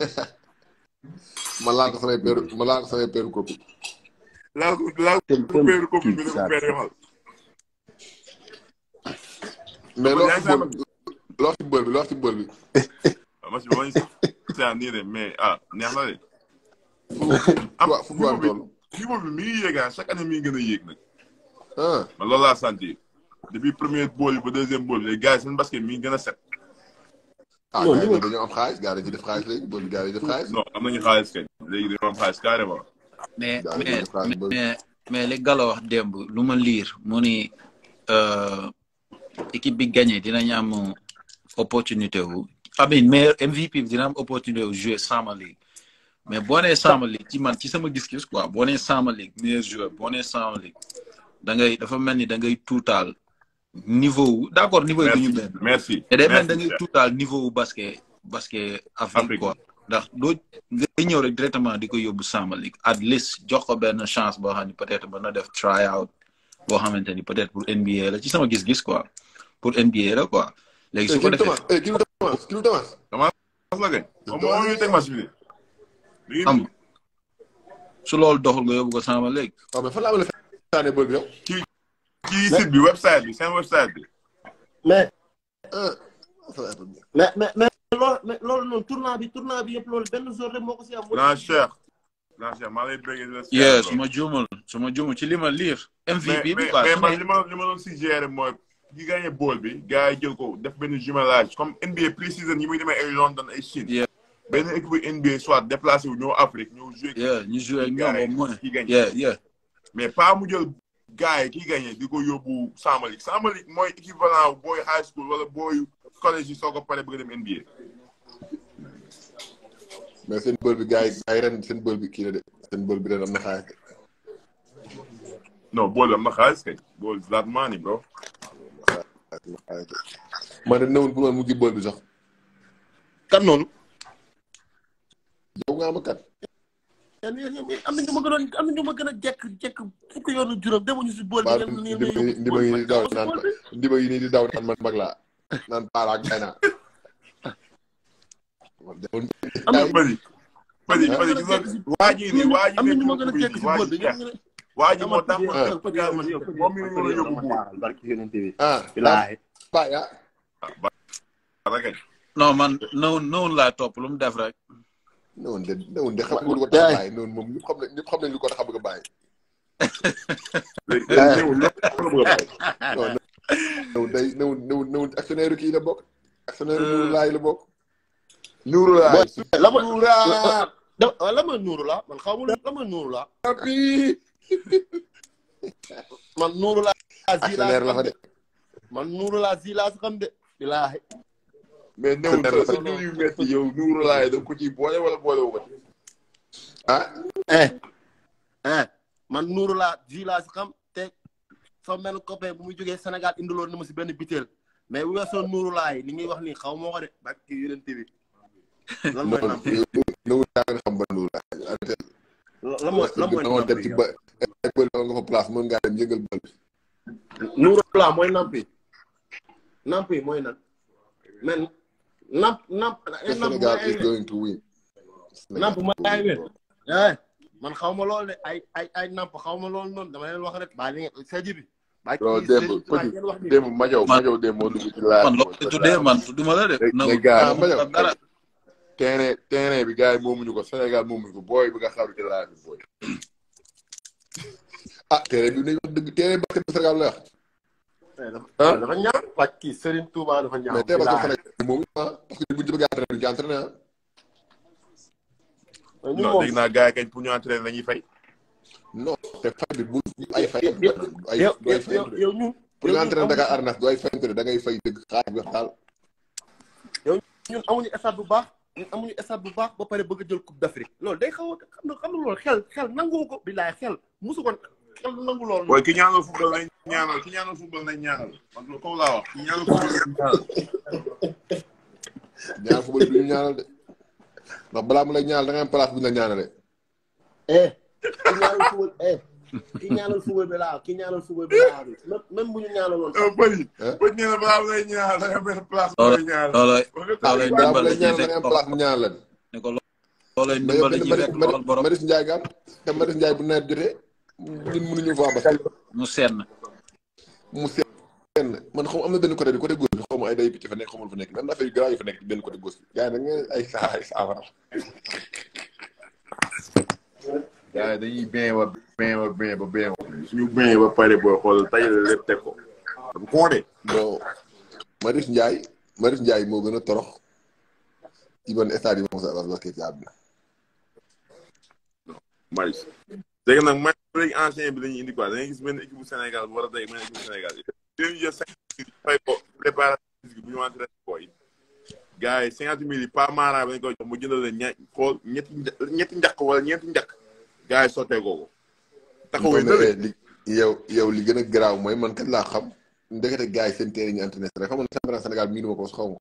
ma laal ko samay peeru ma laal ko samay peeru kopi. laal ko laal ko peeru kopi bi ne ko peeree xal. mais loo ci bël loo ci bël bi loo ci bël bi. ma si ma ñu saa nii de mais ah neex na de. am fu mu bi fu mu bi mi ngi yéegaa ah, chaque année mi ngi gën a yéeg nag. Ah. man loolu laa sant depuis premier bool yi ba deuxième bool yi les gars yi seen basket mi ngi gën a set. ah gars yi dañoo xaalis gars yi def xaalis léegi bon gars yi def am nañu xaalis kay léegi dañoo am xaalis carrément. mais mais mais li Gallo wax démb lu ma liir mu ni euh, équipe bi gañee dina ñam opportunité wu. Amin meilleur MVP bi dina jouer Summer League mais boo nee Summer ci man ci sama gis-gis quoi boo nee Summer League joueur boo nee Summer League da ngay dafa mel ni da ngay tuutaal. niveau wu d' accord niveau yi du ñu benn. merci merci mais da ngay tuutaal niveau wu basket basket doo ñëw rek directement di ko yóbbu Samba League at least jox ko benn chance boo xam ne peut être mën na def try out boo xamante ni peut être pour NBA la ci sama gis-gis quoi pour NBA la quoi. léegi su ko defee eh, kii Thomas eh, kii Thomas. Thomas la loolu doxul nga yóbbu ko Samba League. waaw a ci site bi website bi seen website bi. mais. Euh, mais mais mais loolu loolu noonu bi tournant bi yëpp lool benn jour rek moo ko si am. grand cher. grand cher maa lay bëggee. yes su ma juumul su ma juumul ci li ma liir. MVP bi quoi mais li ma li ma doon suggéré ki gagné bool bi gars yi jël ko def benn jumelage comme NBA pré-saison yi muy demee ay London ay Chine. benn équipe NBA soit déplacé wu ñëw Afrique ñëw joué. ñu joué ak ñoom au moins. mais pas mu jël. gaa yi kii gagné di ko yóbbu Sambalik Sambalik mooy équivalent booy high school wala booy collège yi soo ko paree bëgg dem NBA. mais seen bël bi gars yi gars yi ren seen bël bi kii la de seen bël bi ren am na xaalis. non bool am na xaalis kay bool maa ni bro. man de néew bu ma mujj bi sax. kat noonu. yow nga am kat. am na ñu ma gënoon am na ñu ma gën a jekk jekk fukki yoonu juróom demuñu si bool bi. ndimba yi daw naan ma ndimba yi nii di daw naan man am na bëri bëri bëri gis nga waa ji nii am na ñu gën a jekk si bool bi waa ji moo tax ma moom mi ngi yóbbu buur. ah Ba ya. non man nëw nëwul laa topp lu mu def rek. ne woon de ne woon de xam nga lu ko tax a bàyyi noonu moom ñëpp xam nañ ñëpp xam nañ lu ko tax a bëgg a bàyyi. léegi day newul newul newul actionnaire kii la bokk. actionnaire nuuru laay la bokk. nuuru laay la ma nuuru laa la ma nuuru laa man xaw ma la ma nuuru laa. man nuuru laa. actionnaire la fa de. man nuuru laa si laa si xam de. bilaahi mais néew dara da ko ciy boole wala boole wu ah? eh, eh, laa jus laa si benn copain bu muy jógee Sénégal indiloon na ma si benn bitéel mais bu weesoo nuuru laay wax nii xaw moo ko de bak ci yeneen TV. lan mooy naam loolu xam mooy lan nampi nampi mooy nan man. Namp Namp. Eh, Sénégal is going to win. Namp ma yaay wér. man xaw ma lool de ay ay ay Namp xaw ma lool noonu dama leen wax rek baa li nga sa ji bi. baa ci démb démb moo dugg ci laaj. man loolu tuddee man tudduma la de. mais gars Majaw terrain terrain bi gars yi ko Sénégal moomuñu ko booy bi nga ci laaj bi booy. ah terrain bi nañu wax dëgg terrain ah dafa ñaaw wàcc kii Serigne Touba dafa ñaaw. mais tey parce que Sénégal moom ah parce que bu ñu bëgg a entraîné du ñu entraîné ah. pour ñu entraîné la ñuy fay. ay fay. Eh, eh, ay eh, ay fay yow ñu pour ñu daal. yow ñun amuñu stade bu baax ñun amuñu stade bu baax ba pare bëgg a jël d'Afrique loolu day xam xam nga xel xel nangu ko bilaay xel musu ko. nangu lool mooy ki ñaanal football nañ ñaanal ki ñaanal football nañ ñaanal man loolu kaw laa wax ki ñaanal football nañ ñaanal. ñaanal football du ñu ñaanal de ndax balaa mu lay ñaanal da ngay am place bu ñu la ñaanalee. eh ki ñaanal football eh ki ñaanal football bi laa ki ñaanal football bi laa même bu ñu ñaanaloon. bëri bu ñu ñaanal balaa mu lay ñaanal da ngay am benn place bu ñu la ñaanal. loolay loolay lay ñaanal da ngay am place bu ñu ñaanal. ne ko loolay ndimbal la ñuy fekk lool borom. Marius Ndiaye gam te Marius Ndiaye bu nawet jotee. ñun mënuñu ko ba mu senn mu senn man xaw am na benn côté bi côté gauche bi xaw ma ay day picc fa nekk xaw ma fa nekk nan affaire yu garaaw yu fa nekk benn côté gauche bi gars yi da nga ay saa ay saafara gars yi dañuy bien ba bien ba bien ba bien suñu bien ba pare boo xool tay la lépp teg ko dam koode bon Marius Ndiaye Marius Ndiaye moo gën a torox ci ban stade yi moom sa avance basket ci àdduna Marius léegi nag léegi ancien bi la ñuy indi quoi da ngay gis benn équipe bu Sénégal bu war a day benn équipe bu Sénégal dinañu jël cinquante mille fay ko préparation physique bu yi cinquante mille yi pas maara bi lañ koy jox mu leen ña xool wala ñeenti njaq gars yi sottee googu taxawee na li yow yow li gën a garaaw mooy man kat laa xam ndekete gars yi seen teere ñu entraîné rek xam nga championnat Sénégal mii duma ko xaw ma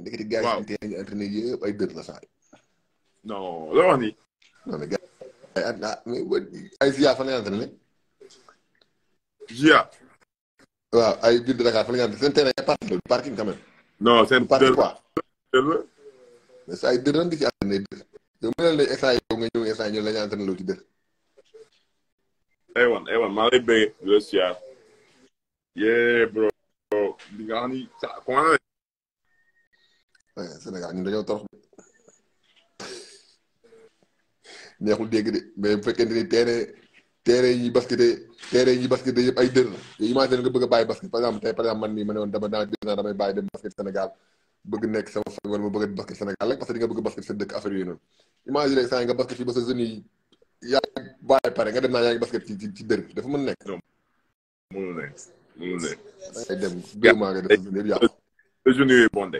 ndekete gars seen teere ñu entraîné yëpp ay dër la saa yi non ah ay Zia fan la ñu entraîné. Zia. waaw ay ville de Dakar fan la ñu entraîné seen terrain ay parking parking quand non seen. parking quoi. mais sa ay dër lan di ci entraîné dër. yow mu ne la instant yow nga ñëw instant ñun la ñu entraîné loo ci dër. aywan aywan maa lay bëgg le siyaar. yee bro. li nga xam ni sa comment. Sénégal ñun dañoo torox. neexul dégg de mais bu fekkente ni terrain terrain yi baskette i yi baskette yëpp ay dër la yooyu imagine nga bëgg a bàyyi basket par exemple tey par exemple man dem basket Sénégal bëgg nekk basket nga bëgg basket sa dëkk affaire yooyu noonu imagine saa nga basket fii ba sa yi yaa ngi pare nga dem naa yaa basket ci dër bi dafa mën nekk. mënul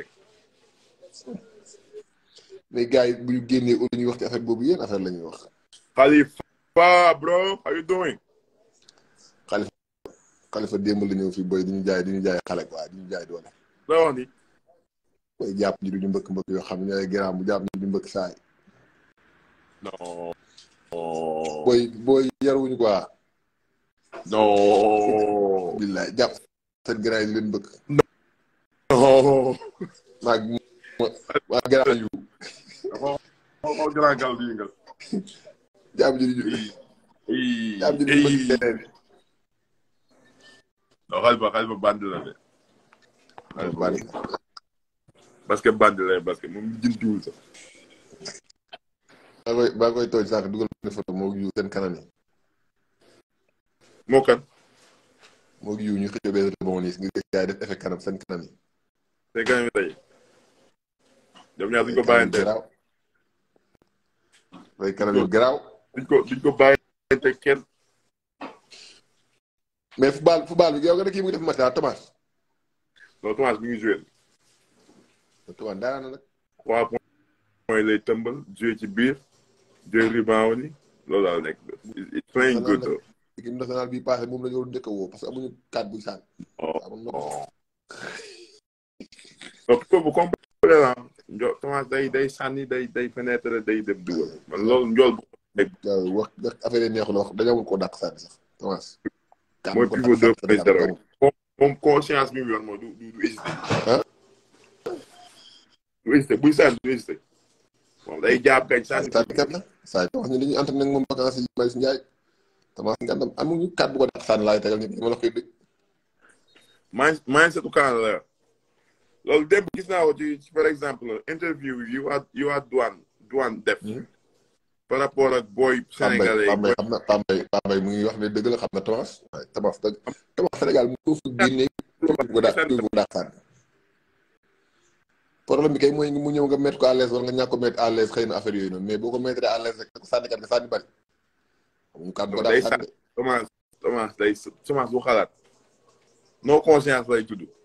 mais gars yi bu génnee au ñuy wax ci affaire boobu yéen affaire la ñuy wax. Khalifa bro démb la ñëw fii boy di ñu jaay di ñu jaay xale waaw di ñu jaay doole. la wax ni. mooy jàpp ñu duñu mbëkk mbëkk yoo xam ne ñooy bu jàpp ñu duñu mbëkk saay. non. booy jàpp seen giraam yi mbëkk. maa maa yu. dafa xaw grand gal di ji di ju. ji di ju non que bandi la parce que moom koy maa sax dugal na photo moo yu seen kanam yi. moo kan. moo gi yu ñu xëccoo benn rebond yi nga gis def effet kanam seen kanam yi. seen kanam yi tey. ñoom ñaar suñ ko bàyyante. day kanam yu garaaw. duñ ko duñ ko bàyyi kenn. mais football football bi yow nga ne kii mu ngi def match daal ah, Thomas. non Thomas mi ngi joué. Thomas dara na nag. trois points mooy lay tëmbal joué ci biir joué loolu daal nekk. it's playing good though. équipe nationale bi passé moom la ñu war a njëkk a woo parce que amuñu quatre buy njool Thomas day day sànni day day pénétrer day dem dugal man loolu njool bu wax affaire yi neexul wax dañoo amul koo dàq sànni sax Thomas. mooy pivot deux point zéro moom conscience buy sànni du hésité. moom day jaab gañ sànni. sànnikat la saa wax ñu koy dégg. maa maa setu kan la. loolu démb gis naa ko ci par exemple interview yu waa yu waa douane douane def. par rapport ak booy. sénégalais yi xam na Tambay Tambay mu ngi wax ne dëgg xam na Tabax. Tabax Tabax Sénégal mu ngi ko génnee. problème bi kay mooy mu ñëw nga mettre ko à l'aise wala nga ñàkk ko mettre à l'aise xëy na affaire yooyu noonu mais boo ko mettre à l'aise rek nga sànni kat nga sànni bari. amuñu kat nga daal sànni Thomas Thomas day xalaat. non conscience lay tudd.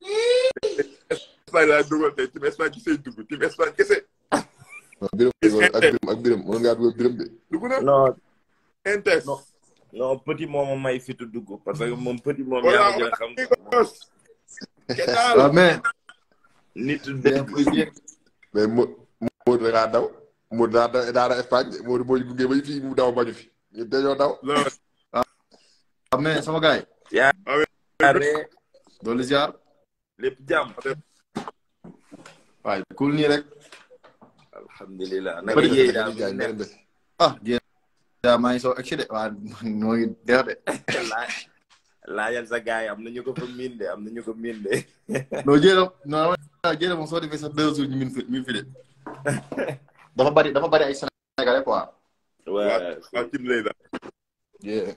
espagne laa dugal tey dugg team espagne kese. ak biram ak biram mën ngaa dugal biram de. dugg na non. inter. moom may fitu dugg parce que moom petit moom yaa waaw ah, mais. nit mais Modou Modou da ngaa daw Modou daa da daa moo ñu gunge ba mu daw bañu fi ñu dañoo daw. waaw ah, mais sama gars yaa ah ngi ziar. lépp jàmm. waaye kul nii rek. alhamdulilah naka yéey daal bi nekk ah jéem. daa maa ngi soog ak si de waa ñoo ngi deex de. laajal sa gars yi am na ñu ko fa miin de am na ñu ko miin de. non jéem non jéem moom soo defee sax deux jours ñu miin fi miin fi de. dafa bari dafa bari ay Sénégalais quoi. waaw waaw ci lay daal. jéem.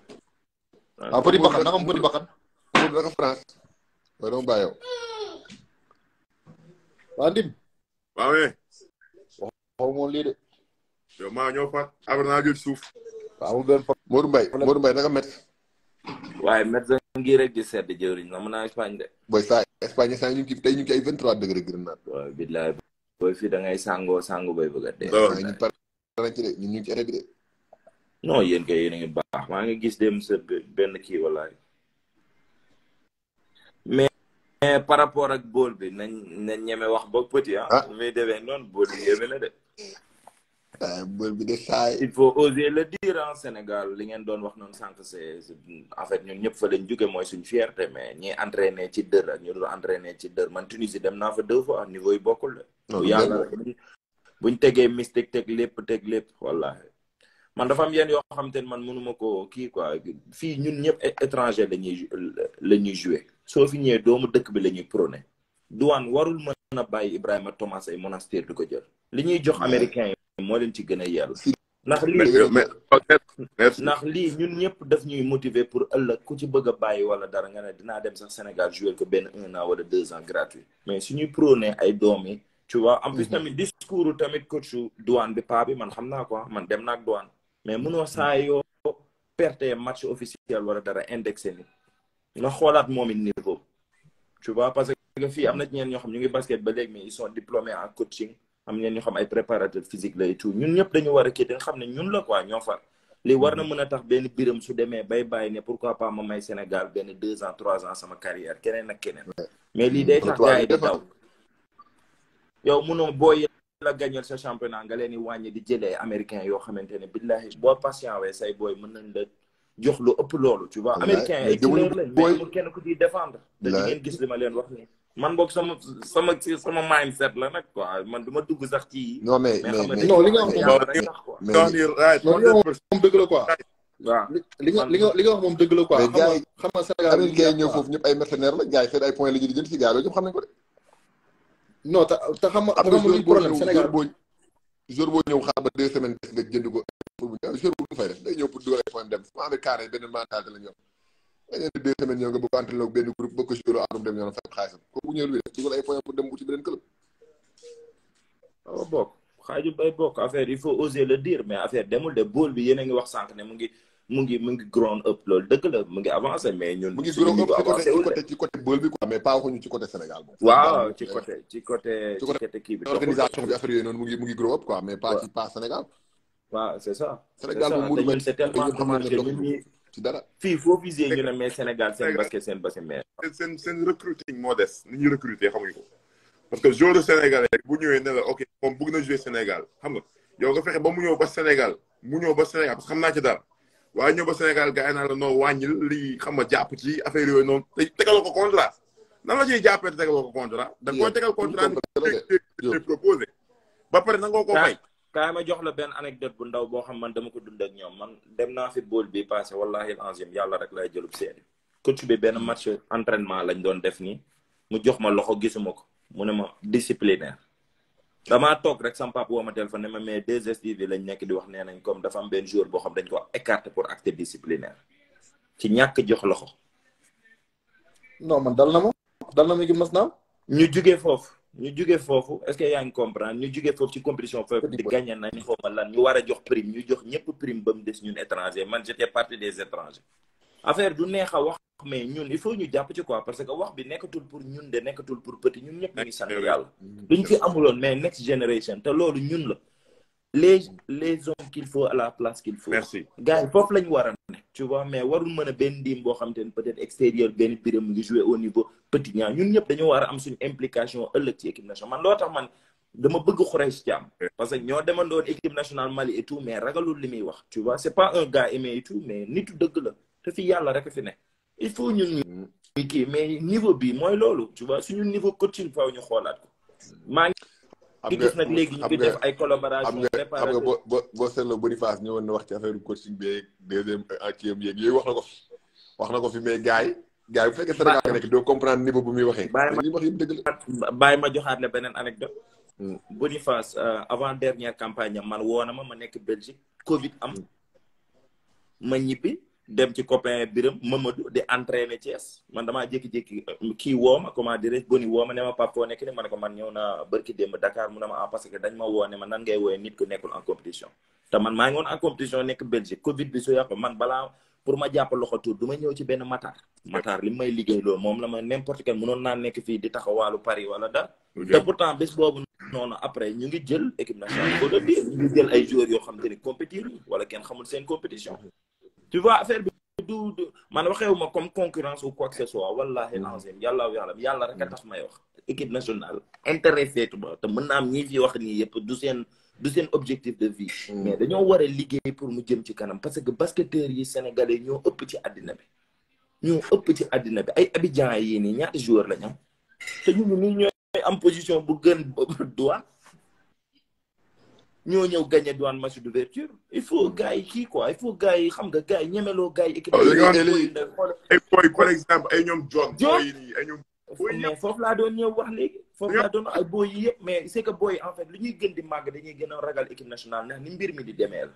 waaw ah, Petit Bakkan naka am Petit Bakkan. Petit Bakkan France. waaye dama bàyyi waa Ndim. waaw we. lii de. yow a ñoo faat après naa jël suuf. waaw amul benn problème Modou Mbaye Modou Mbaye naka métti. waaye métti ngi rek di sedd jëwriñ la mën a Espagne de. booy saa Espagne saa ñu ngi ci tey ñu ngi ci ay vingt trois degré Grenade. waaw bilaay booy fii da ngay sangoo sangu bay bëgg a dee. waaw ñu kay yéen ngi baax maa ngi gis dem benn kii walaay. mais par rapport ak bool bi nañ nañ ñeme wax ba petit ah. bu ah. muy demee noonu bool de. waaw ah, bool bi de il faut oser le dire en Sénégal li ngeen wax noonu sànq c'est en ñun ñëpp fa lañ juge mooy suñ fierté mais ñi entraîné ci dër ak ñu dul entraîné ci dër man Tunisie dem na fa deux fois niveau yi bokkul la. bu yàlla buñ tegee mystique teg lépp teg lépp wallaahi. man dafa am yo yoo xamante ne man mënuma ko kii quoi fii ñun ñëpp étranger la ñuy la ñuy joué. soo fi ñëwee doomu dëkk bi la ñuy prôné douane warul mën a bàyyi Ibrahima Thomas ay monastère di ko jël li ñuy jox américain yi moo leen ci gën a yell ndax lii ndax lii ñun ñëpp def ñuy motiver pour ëllëg ku ci bëgg a bàyyi wala dara nga ne dinaa dem sax Sénégal jouer ko benn un an wala deux ans gratuit mais suñuy prôné ay doom yi tu vois en plus mm-hmm. tamit discours tamit coach duwaan bi paa bi man xam naa quoi man dem naak douane mais mënoo saa yoo perte match officiel wala dara indexé ni nga xoolaat moom it niveau tu vois parce que fii am na ñeen ñoo xam ñu ngi basket ba léegi mais ils sont diplômés en coaching am ñeen ñoo xam ay préparateur physique la et tout ñun ñëpp dañu war a kii nga xam ne ñun la quoi ñoo far li war na mën a tax benn biram su demee bay bàyyi ne pourquoi pas ma may Sénégal benn deux ans trois ans sama carrière keneen ak keneen mais lii day tax gars yi di daw yow munoo booy la gagnal sa championnat nga leen di wàññi di jëlee américain yoo xamante ne billahi boo patient wee say mën nañ la jox lu ëpp loolu tu vois américain ay couleur lañ mais amul kenn ku ciy ma leen wax ni man boog sama sama sama mindset la nag quoi man du ma dugg sax ci non mais mais non li nga wax moom dëgg la quoi waaw li nga li li nga wax moom dëgg la quoi gars yi xam nga Sénégal américain yi ñëw foofu ñëpp ay mercenaires la gars yi fee ay points la ñu di jënd si gars yooyu ñëpp xam nañ ko de non te te xam nga problème Sénégal boo jour boo ñëw xaar ba deux semaines des nga jënd ko bu gaaw jour bu fay def day ñëw pour dugal ay point dem fu mu amee benn mentalité la ñu yor nga ñëw benn groupe bëgg ko joué dem yoonam fekk xaalisam kooku ñëw lu def dugal dem wuti ah, bi yéen a ngi wax sànq ne mu ngi mu ngi mu ngi up loolu dëgg la mu ngi avancé mais ñun. mu ngi ground up ci côté bool bi quoi mais pas waxuñu ci côté kii bi organisation bi affaire yooyu noonu mu ngi mu ngi grow up Sénégal. waaw c' est ça. Sénégal moom fii foo visé ñu ne mais Sénégal seen basket seen basket mais. seen seen recruting moo des ni ñuy recruter xamuñu ko. parce que joueur sénégalais bu ñëwee ne la ok moom bëgg na jouer Sénégal xam nga yow nga ba mu ñëw ba Sénégal mu ñëw ba Sénégal parce que xam naa ci dara waaye ñëw ba Sénégal gars yi naa noo wàññil lii xam nga jàpp ci affaire yooyu noonu te tegaloo ko contrat nan la ciy jàppee te tegaloo ko contrat. da nga koy tegal contrat ni proposé ba pare nangoo ko fay. kaay ma jox la benn anecdote bu ndaw boo xam man dama ko dund ak ñoom man dem naa fi bool bi passé wallahi alazim yàlla rek lay jëlub seede coach bi benn match entraînement lañ doon def nii mu jox ma loxo gisuma ko mu ne ma disciplinaire damaa toog rek sama papa woo ma téléphone ne ma mais 2STV lañ nekk di wax nee nañ comme dafa am jour boo xam dañ ko écarté pour acte disciplinaire ci ñàkk jox loxo. non man dal na ma dal na ma gi mas naam ñu jugee foofu ñu jóge foofu est-ce que yaa ngi comprendre ñu jóge foofu ci compétition foofu di gagné nañ xawma lan ñu war a jox prime ñu jox ñëpp prime ba mu des ñun étranger man j'étais partie des étrangers affaire du neex a wax mais ñun il faut ñu jàpp ci quoi parce que wax bi nekkatul pour ñun de nekkatul pour petit ñun ñëpp ni ngi sant eh yàlla mm-hmm. duñ fi amuloon mais next generation te loolu ñun la les les hommes qu'il faut à la place qu'il faut. merci gars yi foofu la ñu war a ne. tu mais warul mën a benn ndim boo xam te ne peut-être extérieur benn biram ngi jouer au niveau petit ñaa ñun ñëpp dañoo war a am suñu implication ëllëg ci équipe nationale tax man dama bëgg Khoureychi Thiam. parce que ñoo demandoon équipe nationale Mali et tout mais ragalul li muy wax. tu vois c'est pas un gars aimé et tout mais nitu dëgg la te fi yàlla rek fi ne. il faut ñun ñu mm. kii mais niveau bi mooy loolu tu vois suñu niveau cotin faaw ñu xoolaat ko am nga xam nga ay collaboration xam nga boo boo boo seetloo Boniface ñëwoon na wax ci affaire coaching beeg deuxième entième euh, yeeg yooyu wax na ko fi wax na ko fi mais gars yi. gars yi bu fekkee Sénégal nga nekk doo comprendre niveau bu muy waxee. li wax yëpp dëgg la bàyyi ma joxaat la beneen anecdote mm, Boniface euh, avant dernière campagne am man woona ma ma nekk Belgique Covid am mm. ma ñibbi. dem ci copain Biram Mamadou di entraîner Thiès man damaa jékki-jékki euh, kii wooma comment dirais boni wooma ne ma pap foo nekk ne ma ne ko man ñëw na bërki démb Dakar mu ne ma ah parce que dañ ma woo ne ma nan ngay wooyee nit ku nekkul en compétition te maa ngi woon en compétition nekk Belgique Covid bi su yàqu man balaa pour ma jàpp loxo tuur du ma ñëw ci benn Matar Matar li may liggéey loolu moom la ma n'importe quel mënoon naa nekk fii di taxawaalu Paris wala dara te pourtant bés boobu noonu après ñu ngi jël équipe nationale ko de yoo xam te ne compétir wala kenn xamul seen compétition tu vois affaire bi du du man waxeewu ma comme concurrence ou quoi que ce soit wallahi mm. lancim yàlla yàlla yàlla rek a tax may wax équipe nationale intéressé tu ma te mën naa am ñii fi wax nii yëpp du seen du seen objectif de vie mm. mais dañoo war a liggéey pour mu jëm ci kanam parce que basketteurs yi sénégalais ñoo ëpp ci addina bi ñoo ëpp ci àddina bi ay Abidjan yii nii ñaata joueur lañ am te ñun ñu ñooy am position bu gën doigt ñoo ñëw gagné doon match d'ouverture il faut hmm. gars yi kii quoi il faut gars yi xam nga gars yi ñemeloo gars yi. équipe oh, ay boy par exemple ay ñoom John. ay ñoom foofu laa doon ñëw wax léegi. foofu laa doon ay boy yi yëpp mais c'est que boy en li ñuy gën di màgg dañuy gën a ragal équipe nationale ndax ni mbir mi di demee la.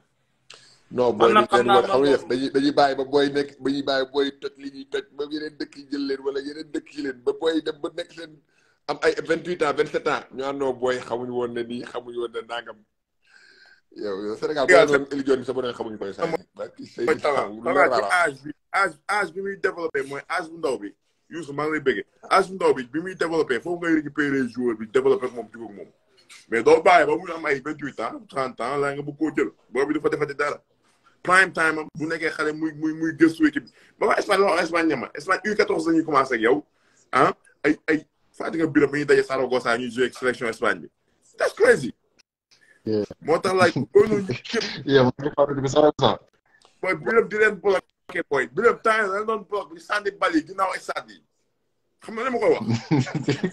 non booy bi xam nga dañuy dañuy bàyyi ba booy nekk dañuy bàyyi booy toj li ñuy toj ba yeneen dëkk yi jël leen wala yeneen dëkk yi leen ba booy dem ba nekk leen am ay vingt huit ans vingt sept ans ñu àndoo booy woon ne nii xamuñu woon ne nangam yow yow Sénégal boo éligion bi sax boo doon bi muy développé mooy âge bu ndaw bi Youssou maa ngi lay bëggee ndaw bi bi muy développé foofu ngay récupérer joueur bi développé moom jugóog moom mais doo bàyyi ba muy am ay vingt huit ans trente ans laa nga bëgg koo jël boobu dafa defati dara prime time bu nekkee xale muy muy muy gëstu équipe bi ba waa Espagne la Espagne ñama Espagne U14 lañuy commencé ak yow ah ay ay fàttali nga biram bi ñuy daje Saragossa ñuy joué sélection Espagne bi that's crazy moo tax laaj booy noonu yéen bi sax sax. booy Birame di leen bloqué booy Birame temps yii dañ doon bloqué di sànni bal yi ginnaaw stade yi xam nga li ma koy wax.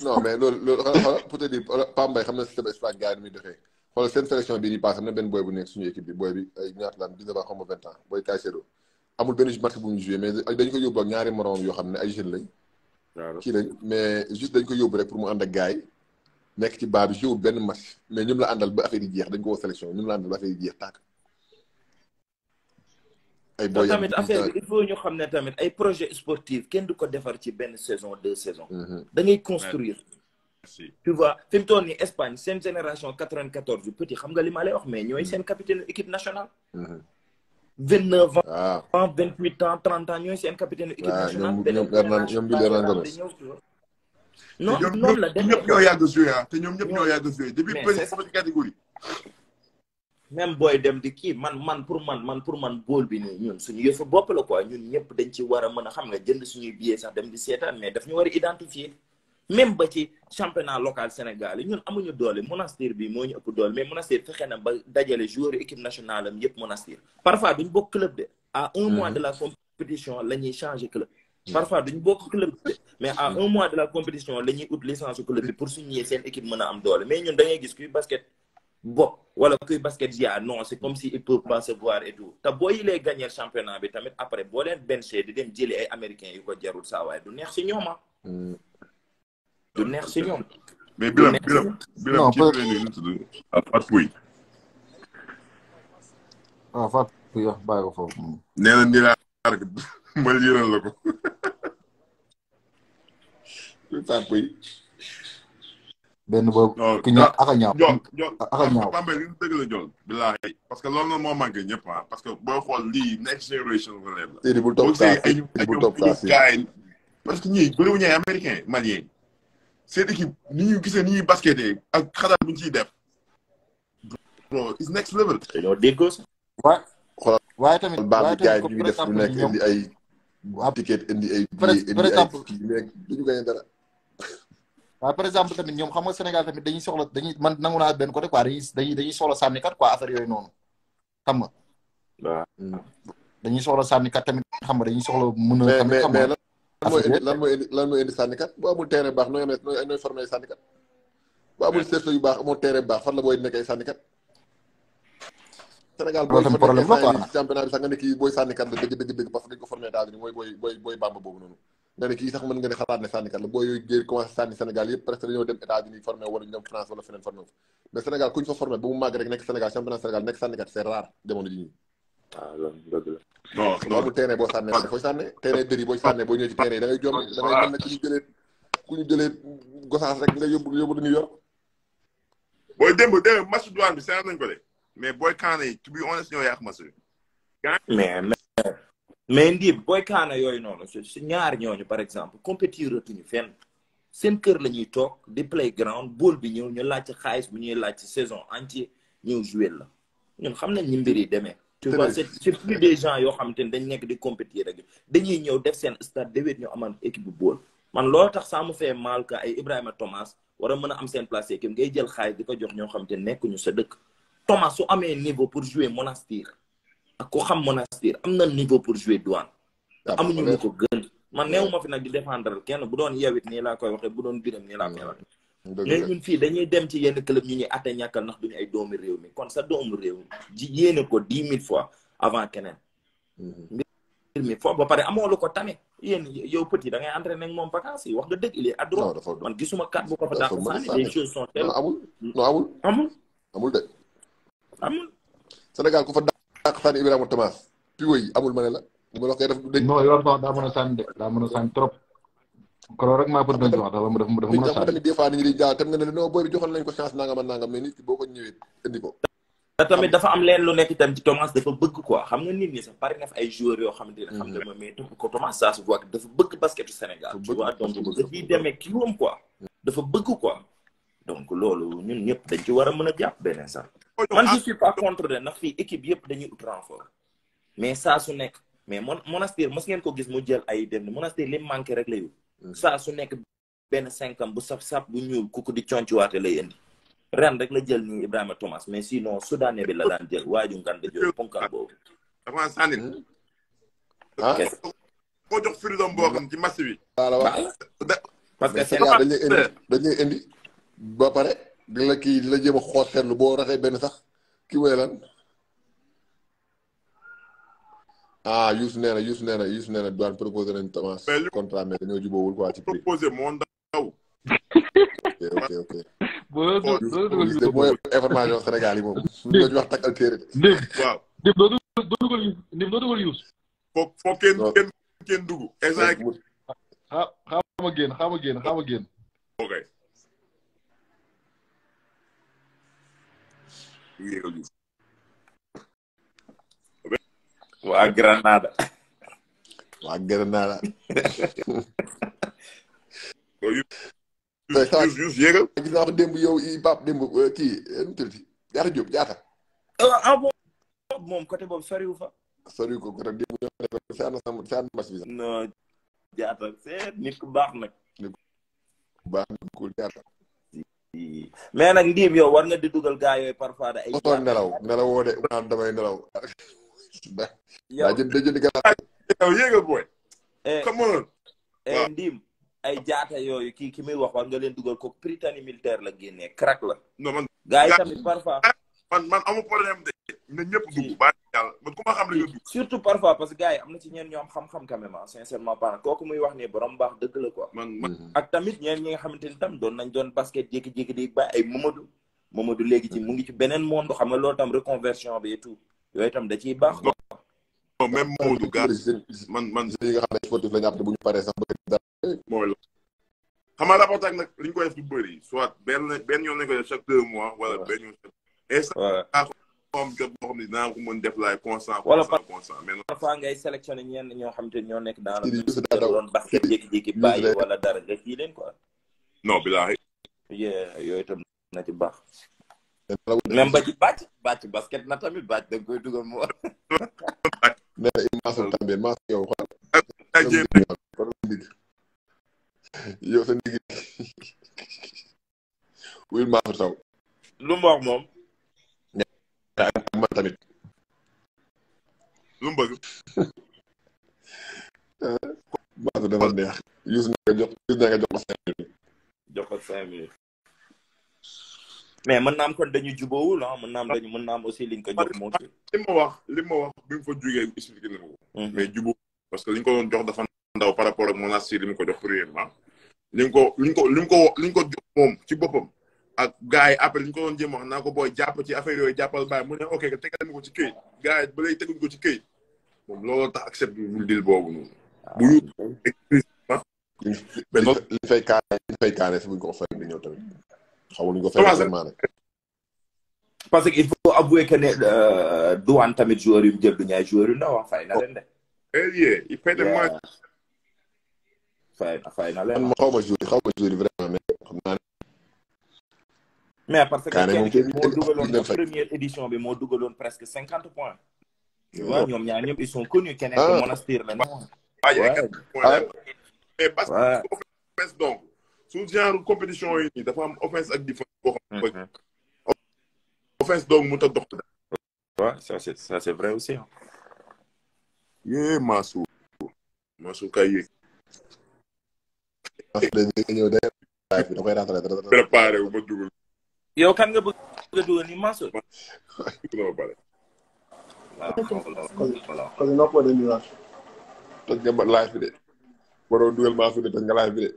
non mais loolu loolu pour te dire Pape xam na système espagnol gars yi muy defee xoolal seen sélection bii di paase na benn booy bu nekk suñu équipe bi booy bi ay ñaata la am dix-neuf ans vingt ans booy Caicedo amul benn match bu ñu joué mais dañu ko yóbbu ak ñaari moromam yoo xam ne ay jeunes lañ. kii lañ mais juste dañ ko yóbbu rek pour mu ànd ak gars yi nekk ci baa bi joué benn match mais ñoom la àndal ba affaire yi jeex dañ ko woo sélection ñoom la àndal ba affaire yi jeex tàkk. ay booy ñu xam ne tamit ay projet sportif kenn du ko defar ci benn saison deux saisons. Mm-hmm. da ngay construire. tu vois fi mu toll nii Espagne seen génération 94 yu petit xam nga li ma lay wax mais ñooy seen capitaine équipe nationale. 29 mm-hmm. ans 28 ah. ans 30 ans ñooy seen capitaine équipe ah, nationale. benn ñoom ñoom non noonu la dem ñëpp ñoo yàgg a joué ah, te ñoom ñëpp ñoo yàgg a joué depuis petite booy dem di kii man man pour man man pour man bool bi nii ñun suñu yëfu bopp la quoi ñun ñëpp dañ ci war a mën a xam nga jënd suñuy billet sax dem di seetaan mais daf ñu war a identifier même ba ci championnat local Sénégal yi ñun amuñu doole Monastir bi moo ñu ëpp doole mais Monastir fexe na ba dajale joueur équipe nationale am yëpp Monastir parfois duñ bokk club de à un hmm. mois de la compétition la ñuy changer club parfois duñ bokk club mais à un mois de la compétition la ñuy ut licence su club bi pour suñu seen équipe mën a am doole mais ñun da ngay gis kuy basket bopp wala kuy basket ya non c'est comme si il peut pas voir et tout te boo yi lay gagner championnat bi tamit après boo leen benché di dem jëli ay américain yu ko jarul saa waaye du neex si ñoom ah. Mm. neex si ñoom. mais Birame Birame Birame ci biir tudd mbal yëral la ko tàpp yi benn boobu ki ñaaw ak parce que loolu noonu moo manqué ñëpp ah. parce que booy xool lii next parce que ñii bëriwu ñaay américain malien seen équipe ni ñu gisee ni ñuy basketee ak bu ñu ciy def non is next level dañoo déggoo sax waaye tamit waaye tamit ko présenté ñoom waaye tamit ñu ngi def waa ticket indi ay. par exemple duñu gañe dara. waaw par exemple tamit ñoom xam nga Sénégal tamit dañuy soxla dañuy man nangu naa benn côté quoi dañuy dañuy soxla sànnikat quoi affaire yooyu noonu xam nga. waaw. dañuy soxla sànnikat tamit xam nga dañuy soxla. mën a tamit xam nga mais lan mooy indi lan mooy indi sànnikat boo amul terrain baax nooy amee nooy formé sànnikat. boo amul cercle yu baax amul terrain baax la booy nekkee sànnikat. Sénégal booy formé problème la dëgg dëgg dëgg parce que dañ ko formé booy booy booy boobu noonu nga ne kii sax mën nga ne xalaat ne sànnikat la booy géer commencé sànni Sénégal yëpp presque dañoo dem États-Unis formé wala ñu dem France wala feneen formé mais Sénégal ah, boo sànnee dafay sànne terrain dëri boo sànnee boo ñëwee ci terrain da ngay jom da ne ku ñu jëlee gosaas rek nga yóbbu New York booy démb démb match bi seet nañ ko de mais Boy Kaane to be honest ñoo yàq mais mais mais Ndib Boy Kaane yooyu noonu si ñaar ñooñu par exemple compétir ñu fenn seen kër la ñuy toog di play ground bool bi ñëw ñu laaj ci xaalis bu ñuy laaj ci saison entier ñëw joué la ñun xam nañ ñi mbir yi demee. tu vois c'est c'est plus des gens yoo xam te ne dañ nekk di compétir rek dañuy ñëw def seen stade déwét ñu amaan équipe bool man loolu tax ça me fait mal que ay Ibrahima Thomas wara mën a am seen place équipe ngay jël xaalis di ko jox ñoo xam te nekkuñu sa dëkk. Thomas su amee niveau pour jouer Monastir ak ko xam Monastir am na niveau pour jouer Douane. amuñu ñu ko gën. man néew ma fi nag di défendre kenn bu doon yeewit nii laa koy waxee bu doon biram nii laa koy waxee. mais ñun fii dañuy dem ci yenn club ñu ñuy atte ñàkkal ndax duñu ay doomu réew mi kon sa doomu réew ji yéene ko dix mille fois avant keneen. Mhm. mbir mi foofu ba pare amoo lu ko tane yéen yow petit da ngay entraîné ak moom vacances yi wax nga dëgg il est man gisuma kat bu ko fa dàq saani les choses sont telles non amul non amul amul amul de amul Sénégal ku fa dàq sànni Ibrahima Thomas piwo yi amul ma ne la bu ma la koy def. a sànni de daa mën a sànni trop. koro rek maa bëgg nañ ci wax dafa dafa mën a sànni. tamit nit tam nga ne non ki boo ko ñëwee indi ko. tamit dafa am leen lu nekk itam ci dafa bëgg quoi xam nga nit ñi sax bari na ay joueurs yoo xam nga mm. ma mais ko Thomas ça se voit dafa bëgg basketu Sénégal. tu vois donc dafay demee kii woom quoi. dafa bëgg quoi. donc loolu ñun ñëpp dañ ci war a mën a jàpp beneen sax oh, man je ah. suis pas contre de ndax fii équipe yëpp dañuy ut renfort mais saa su nekk mais mon monastir mos ngeen ko gis mu jël ay dem ni monastir li manqué rek la yu mm. saa su nekk benn cinquam bu saf-saf bu ñuul ku ko di concuwaate lay indi ren rek la jël nii Ibrahima Thomas mais sinon soudanais bi la daan jël waaju ngan da jël ponkal boobu dama sànni hmm? ah? koo jox freedom boo xam ci match bi parce que dañuy indi dañuy ba pare di la kii di la jéem a xool boo raxee benn sax ki mooy lan ah Youssou nee na Youssou nee na Youssou nee na Douane proposé nañu Thomas contrat mais dañoo jubóowul quoi ci prix. proposé moo ndaw. ok ok ok. mooy information Sénégal yi moom. suñu la doo dugal Youssou foo kenn kenn kenn dugg. exact. ah xaaral génn xaaral ma génn waa Granada. waa Granada. yus yus yéegal. gis yow i Pape démb euh, kii euh, nu mu jaata Diop jaata. Euh, ah, moom côté boobu soriw fa. soriw ko côté démb yow ne ko saan na mas bi sax. non jaata seet nit ku baax nag. baax nit ku jaata. mais nag ndiim yow war nga di dugal gaa yooyu parfois da ay. mosoo nelaw nelawoo de naan damay nelaw. yow daa jënd daa jënd yow yéega booy. Eh. come on. Eh, ndiim ay jaata yooyu kii ki muy wax war nga leen dugal ko prytanée militaire la génnee crack la. non tamit parfois. man man amu problème de. na ñëpp dugg baal yàlla man ku ma xam la yóbbu surtout parfois parce que gars am na ci ñeen ñoo am xam-xam quand ah, sincèrement parlant kooku muy wax ne borom baax dëgg la quoi man mm-hmm. ak tamit ñeen ñi nga xamante ni tam doon nañ doon basket jékki-jékki di bàyyi ay Mamadou Mamadou léegi mu ngi ci beneen monde xam tam reconversion bi et yooyu tam da baax non même Mamadou gars man man yi nga xam ne sportif la ñu mooy la xam nga nag li ñu koy def du soit benn benn yoon am jot boo xam ne dinaa ko mën def laay constant constant constant ngay sélectionné ñenn ñoo xam te ñoo nekk dans la doon basket jékki-jékki bàyyi wala dara nga kii leen quoi non bilaahi yooyu tam na ci baax même ba ci bàcc bàcc basket na tamit bàcc da nga koy dugal mu war mais i maasal tambe maas yow xool taw lu mu moom ak tamit lu mu bëgg baatu dafa neex yus na nga jox yus na nga jox ko dañu jubóowul ah mën naa am dañu mën naa am aussi liñ ko jox moom li wax li wax bi mu fa jógee mhm. que liñ ko doon jox dafa ndaw par rapport ak Monastir li mu ko jox premièrement ko liñ ko li ko liñ ci boppam ak gars yi après li ko doon jéem wax naa ko booy jàpp ci affaire yooyu jàppal bàyyi mu ne ok tegal ko ci këyit gars yi ba léegi teguñ ko ci këyit moom looloo tax accepté wul dil boobu noonu. Ah, bu ñu explicitement. kaane li fay ko offert bi ñëw tamit. xamuñ ko fay vraiment nag. que il faut avouer que ne euh, douane tamit joueur yu mu jël du ñaay joueur yu ndaw ah, fay na leen de. il fay na fay na xaw ma joueur xaw ma joueur vraiment mais parce que kenn ki moo dugaloon première édition bi moo dugaloon presque cinquante points. waaw ñoom ñaar ñëpp ils sont connus keneen ki ah. Monastir la noonu. waaw ah, mais parce que offense donc su genre compétition yi dafa am offense ak défense boo xam mhm. offense donc mu ta dox. waaw c'est vrai aussi. yee Mansour. Mansour kay yéeg. préparé wu ma dugal. yow kan nga bëgg a dugal ni Mansour. waaw nga ba de waroo nga live de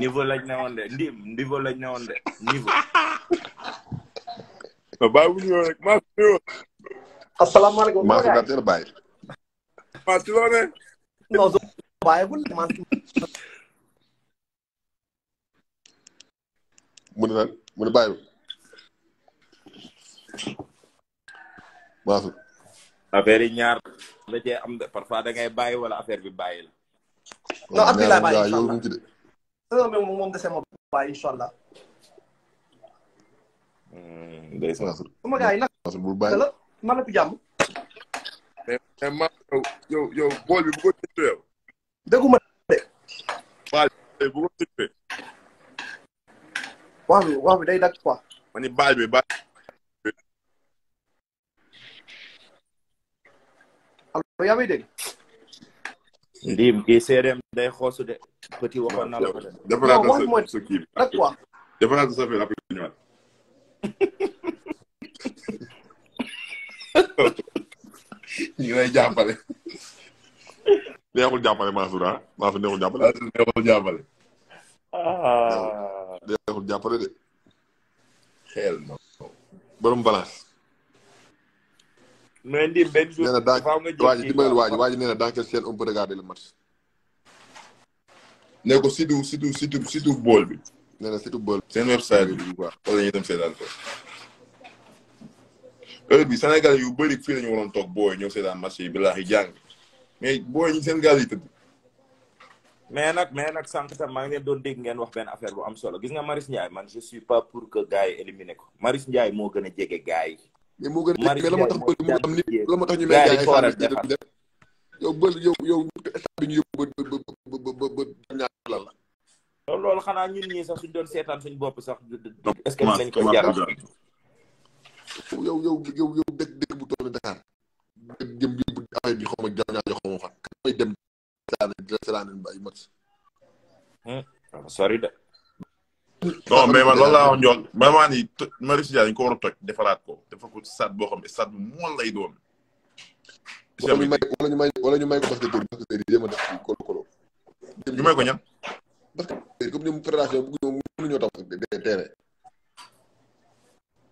niveau lañ ne woon ndim niveau lañ ne woon niveau. bàyyi wu ñu rek maa ngi nuyu. asalaamaaleykum. maa ngi lay a bàyyi. maa ne. non mu ne lan mu ne bàyyi ba affaire yi ñaar la cee parfois da ngay wala affaire bi bàyyi la. non Abdoulaye bàyyi incha allah non mais moom dese ma bàyyi incha allah. Hmm, ndeysaan. sama gars yi nag. ma la fi jàmm. mais mais maa yow yow bool bi bu ko tëjee de. waaw bu ko wax bi wax bi day dagg quoi. ma ni baal bi baal. allo yaa ngi dégg. seereem day xoosu de. petit waxoon na la ko de. defaraat sa kii bi nag quoi. defaraat sa affaire après ñu ñëwaat. ñu lay jàppale. neexul jàppale Mansour ah Mansour neexul jàppale. Mansour neexul ah. neexul jàppale de. xel na. borom balance. mais ndim benn jour. nee na daa waa ji dimbalal waa ji waa ji nee na dans quelle chaîne on peut regarder le match. ne ko situ situ situ bool bi. nee na situ bool bi. seen website bi bu baax wala ñu dem seetaan ko. heure bi Sénégal yu bëri fii la ñu waroon toog booy ñëw seetaan match yi bilaahi jàng mais booy ñi seen gaal mais nag mais nag sànq sax maa ngi leen doon dégg ngeen wax benn affaire bu am solo gis nga Marius Ndiaye man je pas pour que gars yi ko Marius Ndiaye moo gën a jege gars yi. Marius Ndiaye moo gën a jege la moo tax ñu mel gars yow ba yow yow état bi ñu yóbbu ba la. loolu loolu xanaa ñun ñii sax suñ doon seetaan suñ bopp sax. est-ce que lañ koy jaral yow yow yow yow dëkk dëkk bu toll Dakar. dëkk jëm bi affaire bi xaw ma ñaar jox ko fan. kan may dem sori de. non mais man loolu laa wax Ndiol man maa ni Marius Ndiaye dañu ko war a toj defaraat ko dafa ko stade boo xam ne stade bu mool lay doon. wala ñu may wala ñu may wala ñu may ko parce que parce que day jéem a def kolo kolo. ñu may ko ñan. parce que comme ñoom fédération bu ñu mënuñoo taw day tere.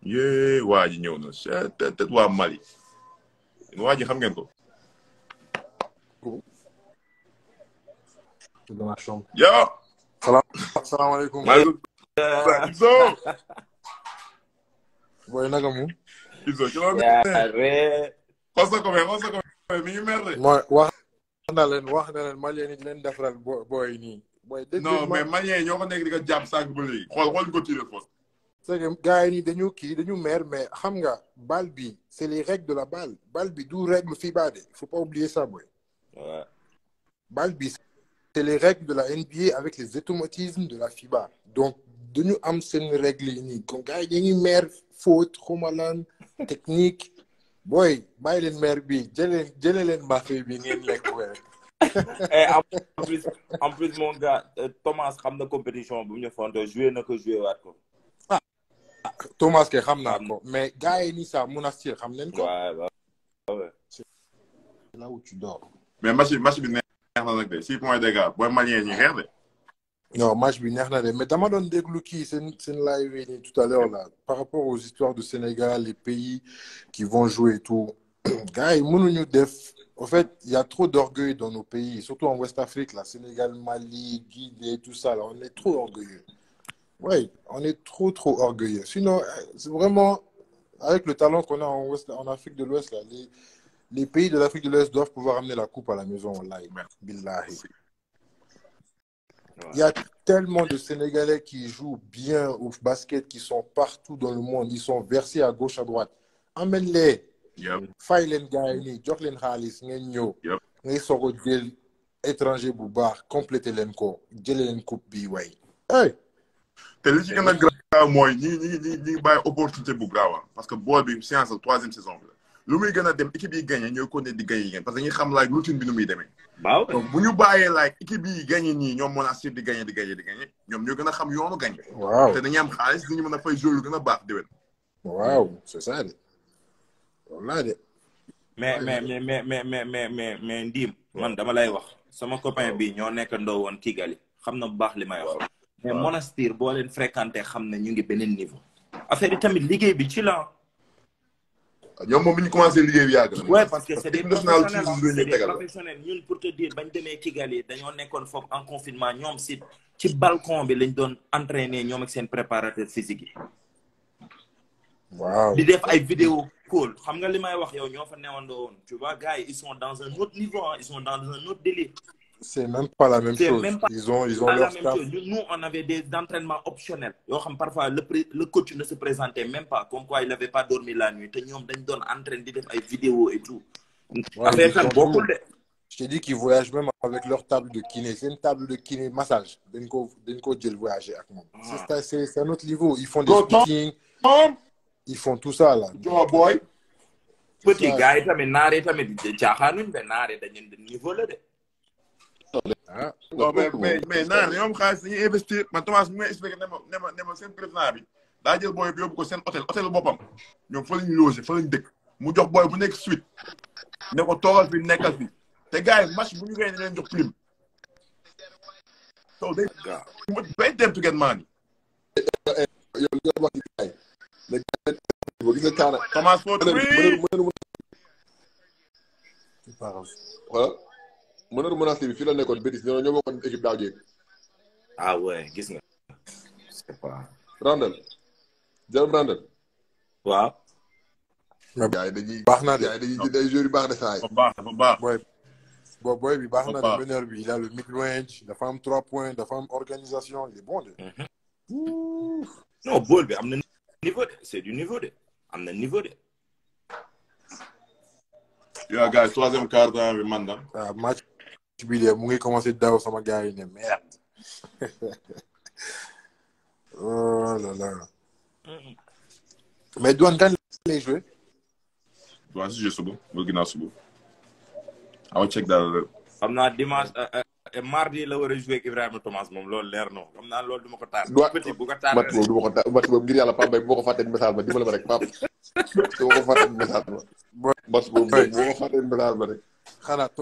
yee waa ji ñëw na c'est peut-être waa Mali waa ji xam ngeen ko. dans ma chambre. Yo! Salam, salam alaikum. Ibzo! mu? Ibzo, na ko fe, xos na ko wax na leen wax leen malien leen defaral booy nii. booy dëgg non mais malien yi ñoo ko nekk di ko jàpp sànq ba léegi. xool xool ko tiré fos. c'est que gars nii dañu kii dañu mer mais xam nga bal bi c'est les règles de la balle balle bi du règle FIBA de faut pas oublier ça boy. waaw bi. c'est les règles de la NBA avec les automatismes de la FIBA donc dañu am seen règle yi nii comme gars yi dañuy mer faute xumalan technique booy bàyyi leen mer bi jëlee jëlee leen marché bi ngeen lekk wér. Eh, en plus en plus mon gars euh, Thomas xam na compétition bu ñu na ko joué waat ko. ah xam naa mais gars yi nii sax Monastir xam nañ ko. waaw waaw. c'est là où neex na nag de six points d'écart bi neex na de mais dama doon déglu kii seen seen live yi nii tout à l'heure là par rapport aux histoires du Sénégal les pays qui vont jouer tout gars yi mënuñu fait il y a trop d'orgueil dans nos pays surtout en West Afrique là Sénégal Mali Guinée tout ça on est trop orgueilleux on est trop trop orgueilleux sinon euh, c'est vraiment avec le talent qu'on a en West Afrique de l'Ouest les pays de l'Afrique de l'Est doivent pouvoir amener la coupe à la maison, wallahi. Billahi. Il y a tellement de Sénégalais qui jouent bien au basket, qui sont partout dans le monde. Ils sont versés à gauche, à droite. Emmène-les. fay leen gars yi nii jox leen xaalis ngeen ñëw. ngay soog a étranger bu baax complété leen ko jëlee leen coupe bi way. te li ci gën a grave mooy ñi ngi ñi ngi opportunité bu grave parce que bool bi séance la troisième saison bi la. lu muy gën a dem équipe yi gagné ñooy continuer di gagné parce que ñu xam laaj routine bi nu muy demee waaw donc bu ñu bàyyee laaj équipe yi gagné ñii ñoom mën a assurer di gagné di gagné ñoom ñoo gën a xam yoonu gagné waaw te dañuy am xaalis ñu mën a fay joueur lu gën a baax déwén waaw c'est ça de mais mais mais mais mais mais mais mais mais Ndim man dama lay wax sama copain bi ñoo nekk ndoo woon Kigali xam na bu baax li may wax mais monastir boo leen fréquenté xam ne ñu ngi beneen niveau ñoom moom bi ñu commencé liggéey bi yàgg na. oui parce que c' est des professionnels c' est des professionnels ñun pour te dire bañ demee Kigali dañoo nekkoon foofu en confinement ñoom si ci balcon bi lañ doon entraîner ñoom ak seen préparateur physique yi. waaw di def ay vidéo call xam nga li may wax yow ñoo fa newandoo woon tu vois gars yi ils sont dans un autre niveau ils sont dans un autre délire. c'est même pas la même chose même ils ont leur staff nous on avait des entraînements optionnels yoo xam parfois le le coach ne se présentait la nuit te ñoom dañ doon entraîne di def vidéo et tout affaire tam bokkul de je t'ai dit qu'ils voyagent même avec leur table de kiné c'est une table de kiné massage dañ ko dañ ko jël voyager ak moom ah. c'est c'est un autre niveau ils font des speaking ils font tout ça de naare ah non mais mais mais naar ñoom xaalis dañuy investir man Thomas mi may expliqué ne ma ne ma ne ma seen président bi daa jël booy bi yóbbu ko seen hôtel hôtel boppam ñoom fa lañu logé fa lañu dëkk mu jox booy bu nekk suite ne ko toogal fi nekkal fi te gars yi match bu ñu gagné leen jox prime so they pay them to get money yow meneur menacé bi fii la nekkoon Bétis ñoo ñoo bokkoon équipe daaw jéeg. ah ouais gis nga. c'est pas. Randal. Jalop Randal. waaw. gars yi dañuy. baax naa de gars yi dañuy jënd baax de saa yi. baax dafa baax booy bi. booy bi baax na de meneur bi. il a le mid-range dafa am trois points dafa am organisation il est bon de. Mm-hmm. non bool bi am na niveau de c'est du niveau de am na niveau de. yow gars yi troisième quart temps bi man la. ah match. bi mu ngi commencé daaw sama gars yi ne merde oh là là mais Douane kan lay joué. waaw si suba wala ginnaaw suba. awa ceeb daal. xam naa dimanche euh, euh, mardi la war a joué ak Thomas moom loolu leer na xam naa loolu du ma ko taal. petit bu ko taal rek boobu du ma ko taal bati boobu ngir yàlla Pape Mbaye bu ma ko fàttee message ba dimbali ma rek Pape. bu ma ko fàttee message ba. bati boobu bu ma ko fàttee message ba rek. xanaa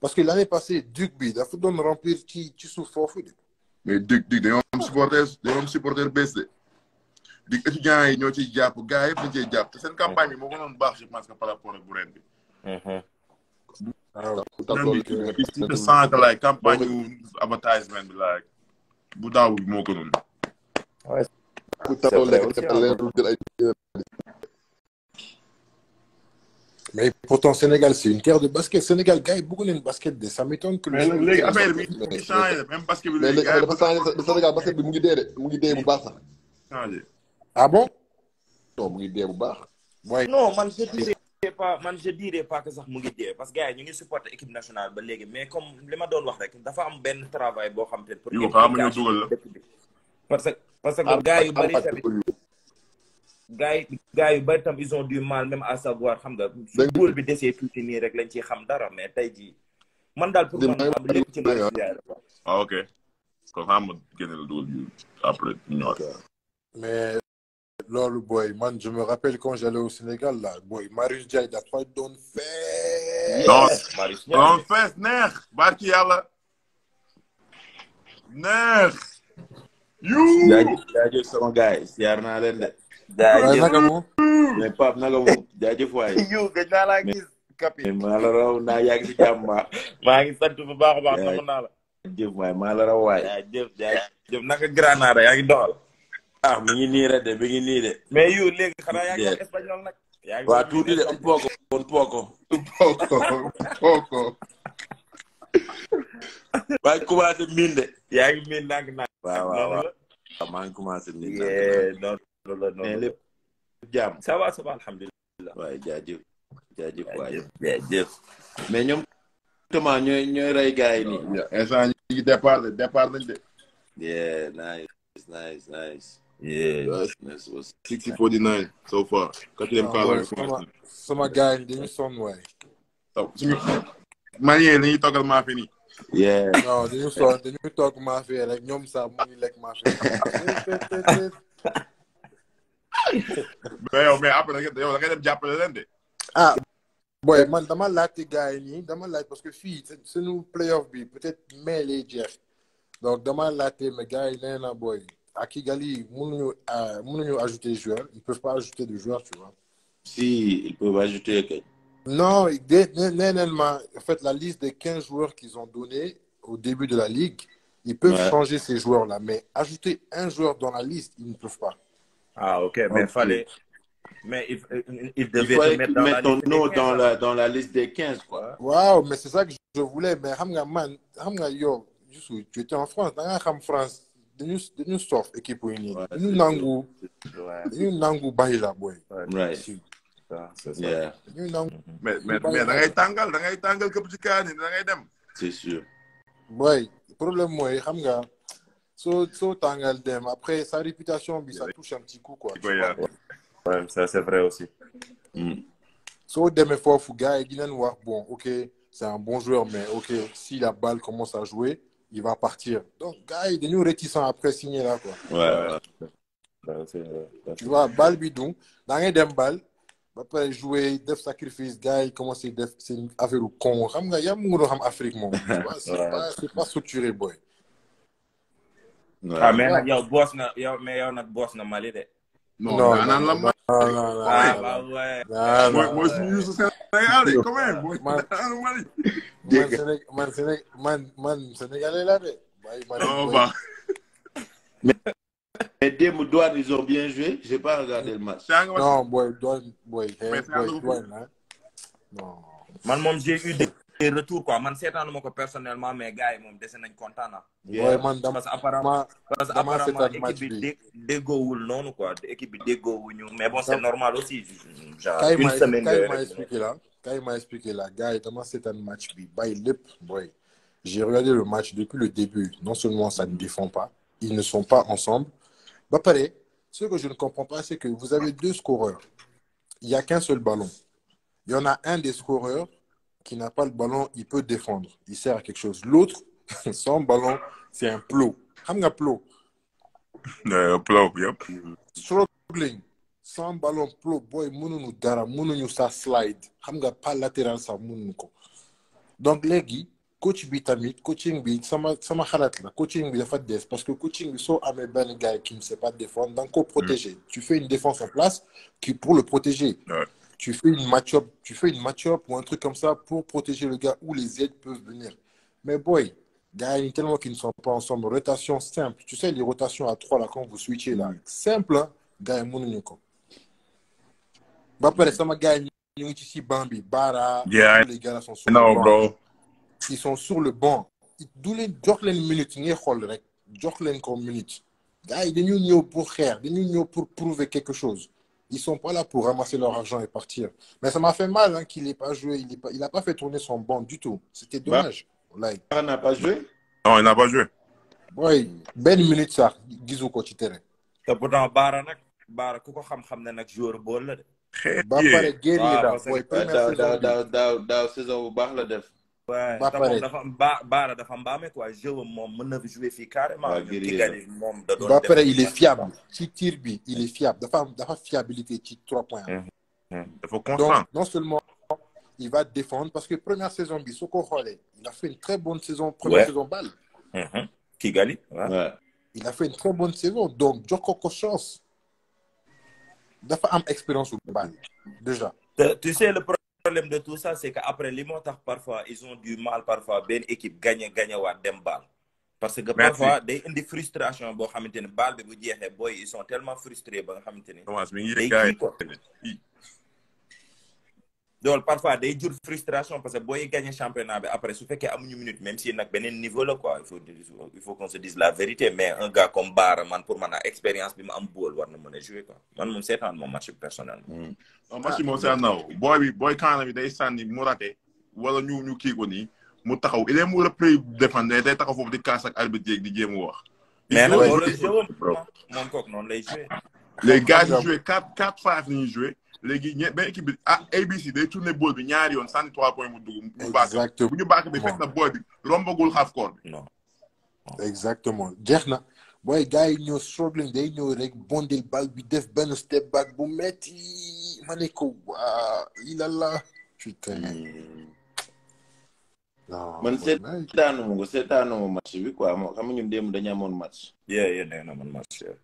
parce que l'année passée Duc bi dafa doon remplir ci ci suuf foofu de. mais Duc Duc dañoo am supporter dañoo am supporter bees de Duc étudiants yi ñoo ciy jàpp gars yëpp dañ ciy jàpp seen campagne bi moo gënoon baax je pense que par rapport ak campagne yu advertisement bi mais pourtant Sénégal c'est une terre de basket Sénégal gars yi basket de ça m'étonne que. léegi affaire bi mu ngi changé même basket bi. léegi dafa Sénégal basket bi mu de mu ngi dee bu baax sax. changé ah bon. non mu ngi dee bu baax. non man je dirais pas man je dirais pas que sax mu ngi dee parce ñu ngi supporter équipe nationale ba léegi mais comme li ma doon wax rek dafa am benn travail boo xam te. pour équipe bi parce que parce que ah, gars yu bari tamit. gars yi gars yu bari tam ils ont du mal même à savoir xam nga. su góor bi desee tuuti nii rek lañ ciy xam dara mais tey jii. man daal pour man am lépp ci mbay mi ah, ok kon xam nga génne la dugal bi après ñëwaat. mais loolu booy man je me rappelle quand j'allais au Sénégal là booy Marius Ndiaye dafa doon fees. Marius Ndiaye doon fees neex barki yàlla neex. yu jaajëf jaajëf sama gars yi siyaar naa leen de. jaajëf naka mu mais Pape naka mu jaajëf waay. yow gëj naa laa gis capitaine. maa la raw naa yaa ngi si jàmm maa ngi sant bu baax a baax xam naa la. jaajëf waay maa la raw waay. jaajëf jaajëf naka Granada yaa ngi doxal. ah mi ngi nii rek de mi ngi nii de. mais yow léegi xanaa yaa ngi wax espagnol nag. waa tuuti de un poco un poco. un poco un poco. maa ngi commencé miin de. yaa ngi miin ndànk ndànk. waaw waaw waaw maa ngi commencé miin ndànk loolu la noonu lépp jaam ça va ça va nice nice nice yeah nice was sixty forty nine so far quatrième quart ah, sama gars yi dañu sonn waaye oh, suñu manière li ñuy toggal maa fi nii yeah non dañu sonn dañuy toog maa fi rek ñoom sax mu ngi lekk maa mais yow mais après yow da ngay jàppale leen de. ah man dama laajte gars yi nii dama laaj parce que fii suñu playoff bi peut-être mais lay jeex donc dama laajte mais gars yi nee na booy a Kigali mënuñu mënuñu ajouter joueur ils peuvent pas ajouter de joueur tu vois. si ils peuvent ajouter non dé la liste des quinze joueurs qu'ils ont donné au début de la ligue ils peuvent changer ces joueurs là mais ajouter un joueur dans la liste ils ne peuvent pas. Ah, ok. Mais okay. fallait. il, il, il devait il dans, la liste nom 15, dans, la, quoi. Waouh, mais c'est ça que je voulais. Mais Hamga, man, Hamga, yo, juste, tu étais en France. Dans en France, nous, nous sauf équipe unie. Nous n'angou. Nous n'angou bahila, boy. Right. C'est ça. Yeah. Nous n'angou. Mm-hmm. Mais, mais, mais, dans les tangles, dans les tangles que tu gagnes, dans les dem. C'est sûr. Boy, problème, moi, Hamga. soo soo tàngal dem après sa réputation bi ça touche un petit coup quoi. Euh, ouais, ça c'est vrai aussi. Mm. soo demee foofu gars yi dinañ wax bon ok c'est un bon joueur mais ok si la balle commence à jouer il va partir donc gars yi dañu réticent après signer là quoi. Ouais, ouais. Ça, euh, tu vois balle bi du da ngay dem balle ba pare jouer def sacrifice gars yi commencé def seen affaire u kon xam nga yam mu ngi doon xam Afrique moom. c'est pas c'est pas structuré waaw ah, mais nag yow boos na yow mais yow nag boos na Mali de. non non non non non man Sénégal man man Sénégalais laa de. mais mais démb Douane ils ont bien joué j'ai pas regardé le match. non booy Douane booy. booy Douane ah non. man moom j'ai eu et retour quoi man seetaanu ma ko personnellement mais gars yi moom dese nañ kontaan na. mooy man dama parce que apparemment parce que apparemment équipe bi dé déggoowul noonu quoi équipe bi déggoowuñu mais bon c'est normal aussi. genre une semaine de kay ma expliqué la kay ma expliqué la gars yi dama seetaan match bi bàyyi lépp booy. j'ai regardé le match depuis le début non seulement ça ne défend pas ils ne sont pas ensemble ba pare ce que je ne comprends pas c'est que vous avez deux scoreurs il y a qu'un seul ballon il y en a un des scoreurs. qui n'a pas le ballon, il peut défendre. Il sert à quelque chose. L'autre, sans ballon, c'est un plot. Hamga plot. Un euh, plot, yep. Struggling. Sans ballon, plot. Boy, nous dara, nous sa slide. Hamga pas latéral, ça nous ko. Donc, les gars, coach bi tamit coaching bi sama sama xalaat la coaching bi dafa des parce que coaching bi soo amee benn gars qui ne sait pas défendre da nga ko protéger. Mm. tu fais une défense en place qui pour le protéger. Ouais. tu fais une match-up, tu fais une ou un truc comme ça pour protéger le gars où les aides peuvent venir. Mais boy, gars, il y a tellement qu'ils ne sont pas ensemble. Rotation simple. Tu sais, les rotations à 3 là, quand vous switchez là, simple, hein, gars, mon unico. Bapere, ça m'a gagné ici, Bambi, Bara. Yeah, les gars là sont sur no, le banc. Bro. Ils sont sur le banc. D'où les Jocklen minutes, n'y Jocklen comme minute. Gars, ils sont pour pour prouver quelque chose. Ils sont pas là pour ramasser leur argent et partir. Mais ça m'a fait mal qu'il n'ait pas joué. Il n'a pas, a pas fait tourner son banc du tout. C'était dommage. Bah, like. Il n'a pas joué Non, minute sax gisu ko ci terrain. te pourtant Baara nag Baara ku ko xam-xam ne nag joueur bool la de. ba pare guerrier la. waaw parce que daaw daaw daaw saison bu baax la def. ba pare dafa ba baara dafa mbaame quoi jeu moom mën na jouer fii carrément. moom da doon ba pare il est fiable il est fiable dafa am dafa fiabilité ci trois points. dafa constant donc non seulement. il va défendre parce que première saison bi su ko xoolee. il a fait une très bonne saison. première saison balle. Kigali waaw. il a fait une très bonne saison donc jox ko ko chance. dafa am expérience bu balle déjà. tu sais le problème de tout ça c'est que après li moo tax parfois ils ont du mal parfois benn équipe gagné waat dem baal parce que parfois day indi frustration boo xamante ne baal bi bu jeexee booy ils sont tellement frustrés ba nga xamante ne loolu parfois day jur frustration parce que booy gagné championnat bi après su fekkee amuñu minute même si nag beneen niveau la quoi il faut qu'on se dise la vérité mais un gars comme Baara man pour man a expérience bi mu bool war na mën man moom seetaan moom match personnel. Hmm. non match bi moom seetaan kaana bi day sànni mu wala ñu ñu kii mu taxaw il est mu repris défendre taxaw foofu di kaas ak arbitre di jéem wax. mais nag loolu la joué woon ah. moom léegi ñe benn équipe bi ah ABC day tourné bool bi ñaari yoon sànni trois points mu dugg. ñu bàq bu ñu bàq bi fekk na bool bi rombagul half court bi. non exactement jeex na booy gars yi ñëw struggling day ñëw rek bondil bal bi def benn step back bu metti ma ne ko waa ilalla. putain. Hmm. non man seetaanu ma ko ma match bi quoi xam nga ñun démb dañu amoon match. yeah yeah na man match yeah.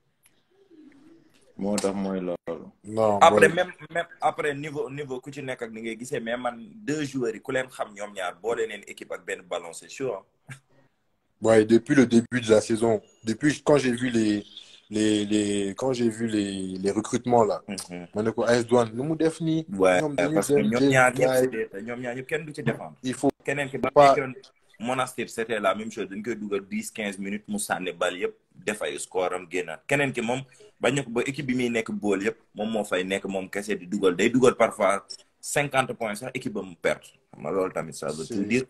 moo tax mooy loolu. non après même même après niveau niveau ku ci nekk ak ni ngay gisee mais man deux joueurs yi xam ñoom ñaar boole leen équipe ak benn ballon c'est sûr. waaye depuis le début de la saison depuis quand j'ai vu les les les quand j'ai vu les les recrutements là. Mm-hmm. ma ne ko AS Douanes nu mu def nii. ñoom dañuy dem parce que ñoom ñaar kenn du ci défendre. Monastir c'était la même chose dañ koy dugal dix quinze minutes mu sànni bal yëpp def ay score am keneen ki moom bañ ko ba équipe bi muy nekk bool yépp moom moo fay nekk moom kese di dugal day dugal parfois cinquante points sax équipe ba mu perte xam nga loolu tamit ça veut tout dire.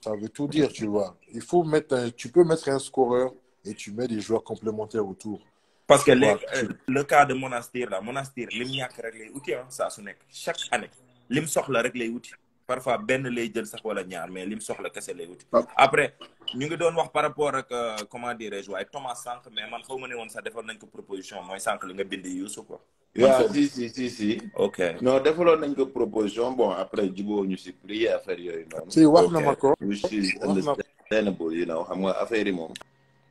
ça veut tout dire tu vois il faut mettre un, tu peux mettre un scoreur et tu mets des joueurs complémentaires autour. parce que les, euh, le cas de Monastir là Monastir lim ñàkk rek lay uti ah saa su nekk chaque année lim soxla rek lay uti. parfois benn lay jël sax wala ñaar mais lim soxla kese lay wuti. Ah. après ñu ngi doon wax par rapport ak euh, comment dirais-je waaye Thomas Sànq mais man xaw ma ne woon sax defal nañ ko proposition mooy Sànq li nga bind Youssou quoi. waaw si si si ok non defaloon nañ ko proposition bon après jubóo ñu si prix affaire yooyu noonu. si wax na ma ko wax na ko you know xam nga affaire yi moom.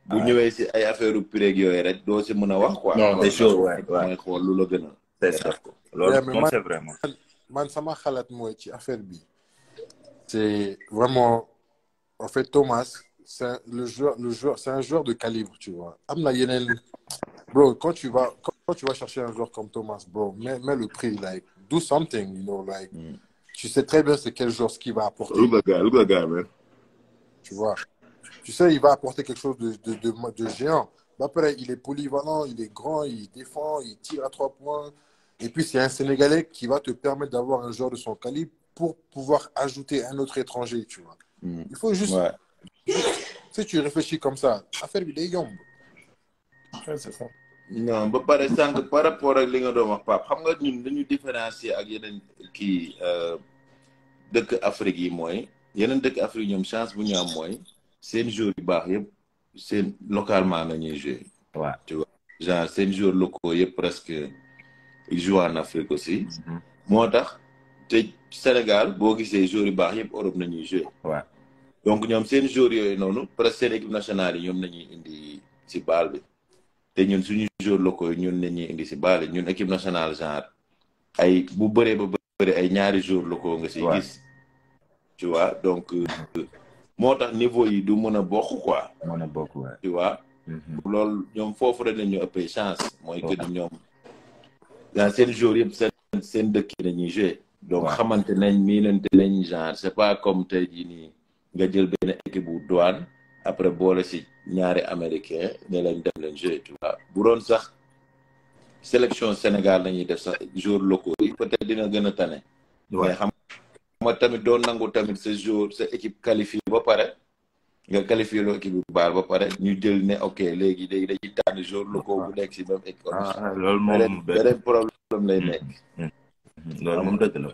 bu ah. ñëwee si ay affaire prix yooyu rek doo si mën a wax quoi. non lu la gën a. c'est man sama xalaat mooy ci affaire bi c'est vraiment en fait Thomas c'est un, le joueur le joueur c'est un joueur de calibre tu vois am na yeneen bro quand tu vas quand tu vas chercher un joueur comme Thomas bro mets, mets le prix like do something you know like mm. tu sais très bien c'est quel joueur ce qu'il va apporter look at tu vois tu sais il va apporter quelque chose de géant il est polyvalent il est grand il défend il trois points Et puis, c'est un Sénégalais qui va te permettre d'avoir un joueur de son calibre pour pouvoir ajouter un autre étranger, tu vois. Mmh. Il faut juste. Ouais. tu réfléchis comme ça, affaire bi day yomb. c'est ça. non ba pare sànq par rapport ak li nga doon wax Pape xam nga ñun dañu différencier ak yeneen kii euh, dëkk Afrique yi mooy yeneen dëkk Afrique ñoom chance bu ñu am mooy seen jour yu baax yëpp seen localement la ñuy jouer. waaw tu vois genre seen joueurs locaux yëpp presque. il joue en Afrique aussi. Mhm. moo tax te Sénégal boo gisee joueurs yu baax yëpp Europe nañuy joué. waaw donc ñoom seen joueurs yooyu noonu presque seen équipe nationale yi ñoom nañuy si baal bi te ñun suñu joueurs locaux yi ñun nañuy indi si baal bi ñun équipe nationale genre ay bu bëree ba bëri ay ñaari joueurs locaux nga si gis. tu donc euh, moo tax niveau yi du mën a bokk quoi. mën a mhm. ñoom foofu rek la ñu ëppee chance. mooy que ñoom. dans seen jour yëpp seen seen dëkk yi dañuy joué. donc xamante nañ miinante nañ genre c'est pas comme te jii nii nga jël benn équipe bu douane après boole si ñaari américain ne lañ dem leen joué tu vois bu doon sax sélection Sénégal lañuy def sax jour locaux yi peut-être dina gën a tane. mais xam nga tamit doo nangu tamit sa jour sa équipe qualifiée ba pare. nga qualifié loo équipe bu baax ba pare ñu jël ne ok léegi léegi dañuy tànn jour ah, locaux bu ah. nekk si même école. ah loolu moom beneen problème lay hmm, nekk. Hmm, hmm, loolu moom dëgg la.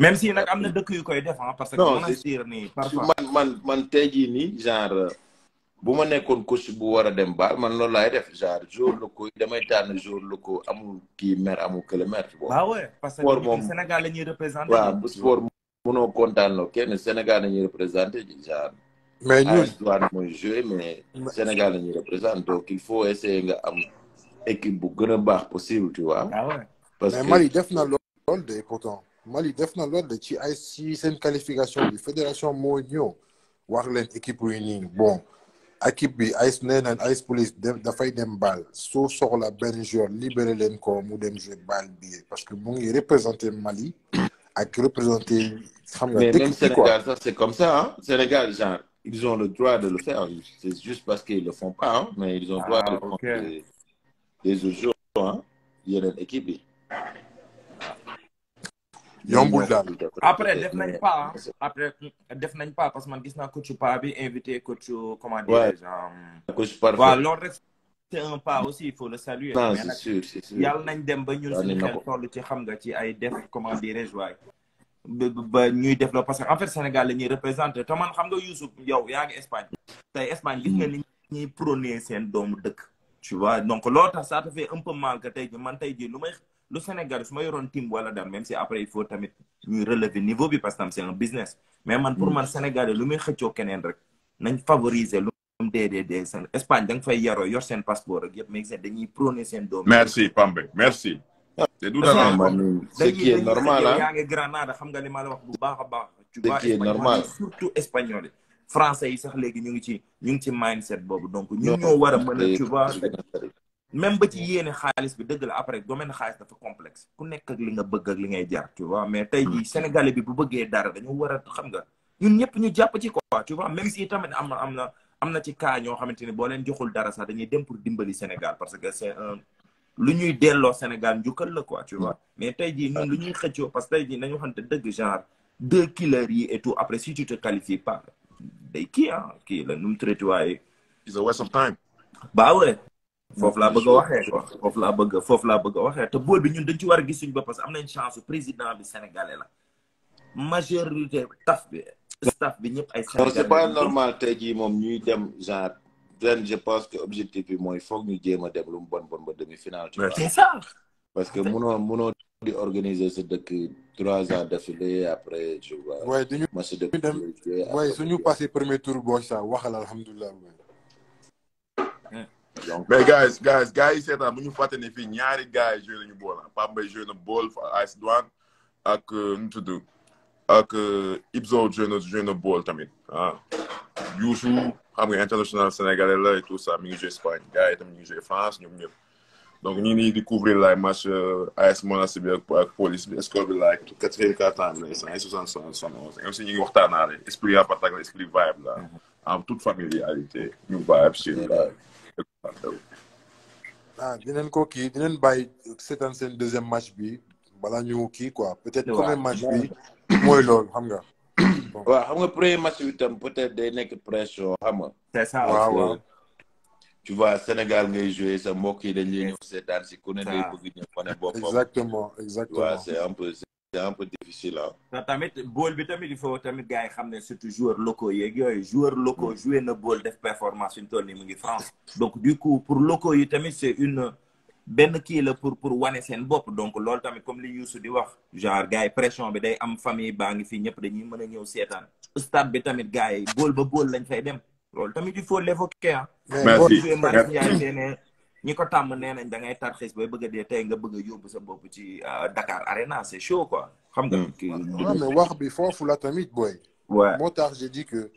même si nag am na dëkk yu koy def ah, parce que. non ni parfois man man man tey jii nii genre bu ma nekkoon coach bu war a dem baal man loolu laay def genre jour locaux yi damay tànn jour locaux amul kii maire amul kële maire. waaw waaw parce que Sénégal la ñuy représenté. waaw bu sport mënoo kenn Sénégal la ñuy représenté genre. mais ñun ah, histoire Sénégal la ñuy représente donc il faut essayer nga am équipe bu gën a baax possible tu vois. Ah parce que mais Mali def na lool de pourtant def na lool de ci ay si seen qualification bi fédération moo ñëw wax leen équipe yu nii bon équipe bi ice nee naan ice police dafay dem bal soo soxla benn joueur libéré leen ko mu dem joué bal bi parce que mu ngi représenté Mali ak représenté. xam nga mais même Sénégal sax c'est comme ça ah Sénégal genre. ils ont le droit de le faire. C'est juste parce qu'ils ne le font pas, hein, mais ils ont le droit ah, de okay. prendre des, des jours. Hein. Il y a une équipe. yombul daal après def nañ pas après def nañ parce que man gis naa coach pa bi invité coach comment dirais-je. waaw loolu rek c'est aussi il faut le saluer. non c'est sûr c'est sûr yàlla nañ dem ba ñun suñu xel toll ci xam nga def comment dirais-je ba ñuy def la parce que en fait Sénégal ñuy représenté te man xam nga Youssouf yow yaa ngi Espagne tey Espagne gis nga mm. ni ñuy prôné seen doomu dëkk tu vois donc loolu tax ça te fait un peu mal que tey ji man tey ji lu may lu Sénégal su ma yoroon team wala dara même si après il faut tamit ñuy relever niveau bi parce que tam c'est un business mais man pour mm. man Sénégal lu may xëcco keneen rek nañ favoriser lu mu déedéedee seen Espagne da fay yaroo yor seen passeport rek yëpp mais dañuy prôné seen doomu merci te du dara man ce qui est normal ah? yaa ngi Granada xam nga li ma la wax bu baax a baax. tu vois normal surtout espagnol yi français yi sax léegi ñu ngi ci ñu ngi ci mindset boobu donc ñun ñoo war a mën a tu vois ba ci yéene xaalis bi dëgg la après domaine xaalis dafa complexe ku nekk ak li nga bëgg ak li ngay jar tu mais tey jii hmm. sénégalais bi bu bëggee dara dañu war a xam nga ñun ñëpp ñu jàpp ci quoi tu vois même si tamit am na am na am na ci cas ñoo xamante ni boo leen joxul dara sax dañuy dem pour dimbali Sénégal parce que lu ñuy delloo Sénégal njukkal la ko tu mm. vois mais tey jii ñun lu ñuy xëccoo parce que tey jii nañu xam dëgg genre deux killers yi et tout après si tu te qualifies day kii ah kii la nu mu traité waaye. a waste of time. ba ouais. foofu laa mm. bëgg a waxee quoi foofu laa bëgg foofu laa bëgg a waxee te bool bi ñun dañ ci war a gis suñu bopp parce que am nañ chance président bi sénégalais la majorité taf bi staff bi ñëpp ay. sénégalais c'est pas normal jii moom ñuy dem genre. ren je pense que objectif bi mooy foog ñu jéem a dem lu mu bon bon ba demi finale tu vois c'est ça parce que munoo munoo di organiser sa dëkk trois ans d'affilée après je vois waaye dañu match de waaye suñu passé premier tour boo sa waxal alhamdulilah donc mais guys guys gars yi seetaan mu ñu fàtte ne fii ñaari gars yi joué bool a Mbaye joué na bool AS Douanes ak euh, nu tudd ak Ibzo join na bool tamit ah Youssou xam nga international sénégalais la et tout ça mi ngi joué Espagne gars yi tamit mi ngi joué France ñoom ñëpp donc ñu ngi découvrir lay match eh, AS Monastir bi ak police bi score bi laaj quatrième quart-temps bi la cent et soixante si ñu ngi waxtaanaale esprit à partage la esprit vibe la mm-hmm. en toute familiarité ñu vibe si la ah dinañ ko kii dinañ bàyyi seetaan seen deuxième match bi bala ñu kii quoi peut-être match bi mooy loolu xam nga. waaw xam nga premier match bi tam peut-être day nekk pression xam nga. c'est ça waaw tu Sénégal ngay joué sa mbokk yi dañ lay ñëw seetaan si ku ne day bëgg ñëw wane tamit bool bi tamit il faut tamit gars yi xam ne surtout joueurs locaux yeeg yooyu joueurs locaux mm. joué na bool def performance suñu toll ngi France donc du coup pour locaux yi tamit c'est une. benn kii la pour pour wane seen bopp donc loolu tamit comme li Youssou di wax genre gars yi pression bi day am famille baa ngi fii ñëpp dañuy mën a ñëw seetaan stade bi tamit gars yi góol ba góol lañ fay dem loolu tamit il faut l'évoquer ah boo joué Marius Ndiaye teene ñi ko tàmm nee nañ da ngay tarxis bay bëgg a dee tey nga bëgg a yóbbu sa bopp ci euh, Dakar Arena c'est chaud ko xam nga hmm. mais wax bi foofu la tamit booy moo tax j'ai dit que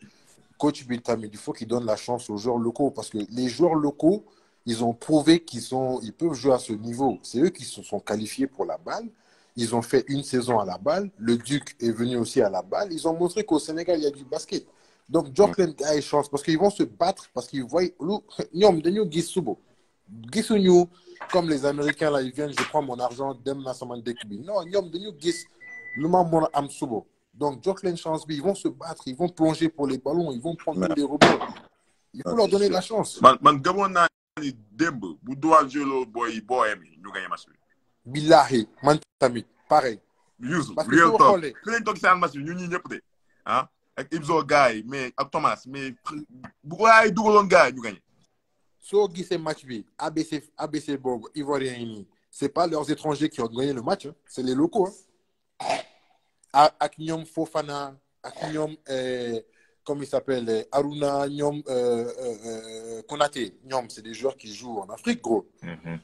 coach bi tamit il faut qu'il donne la chance aux joueurs locaux parce que les joueurs locaux Ils ont prouvé qu'ils sont, ils peuvent jouer à ce niveau. C'est eux qui se sont qualifiés pour la balle. Ils ont fait une saison à la balle. Le Duc est venu aussi à la balle. Ils ont montré qu'au Sénégal, il y a du basket. Donc, Jocelyn a une chance parce qu'ils vont se battre parce qu'ils voient. Nous, comme les Américains, là, ils viennent, je prends mon argent, dem Non, nous, am subo. Donc, Jocelyn Chance, ils vont se battre, ils vont plonger pour les ballons, ils vont prendre les rebonds. Il faut ah, leur donner la chance. ni démb bu duwaan jëloo booy booyam yi ñu gañe match bi. billahi man tamit pareil. Youssou real talk fi lañ toog seen match bi ñun ñii ñëpp de ah ak Ibzo gars yi mais ak Thomas mais bu waaye dugaloon gars yi ñu gañe. soo gisee match bi ABC ABC boobu Ivoiriens yi nii c'est pas leurs étrangers qui ont gagné le match c'est les locaux ah. ak ñoom Fofana ak ñoom. Euh, comme il s'appelle, eh, Aruna, Nyom, euh, euh, euh, Konaté. Nyom, c'est des joueurs qui jouent en Afrique, gros. Mm -hmm.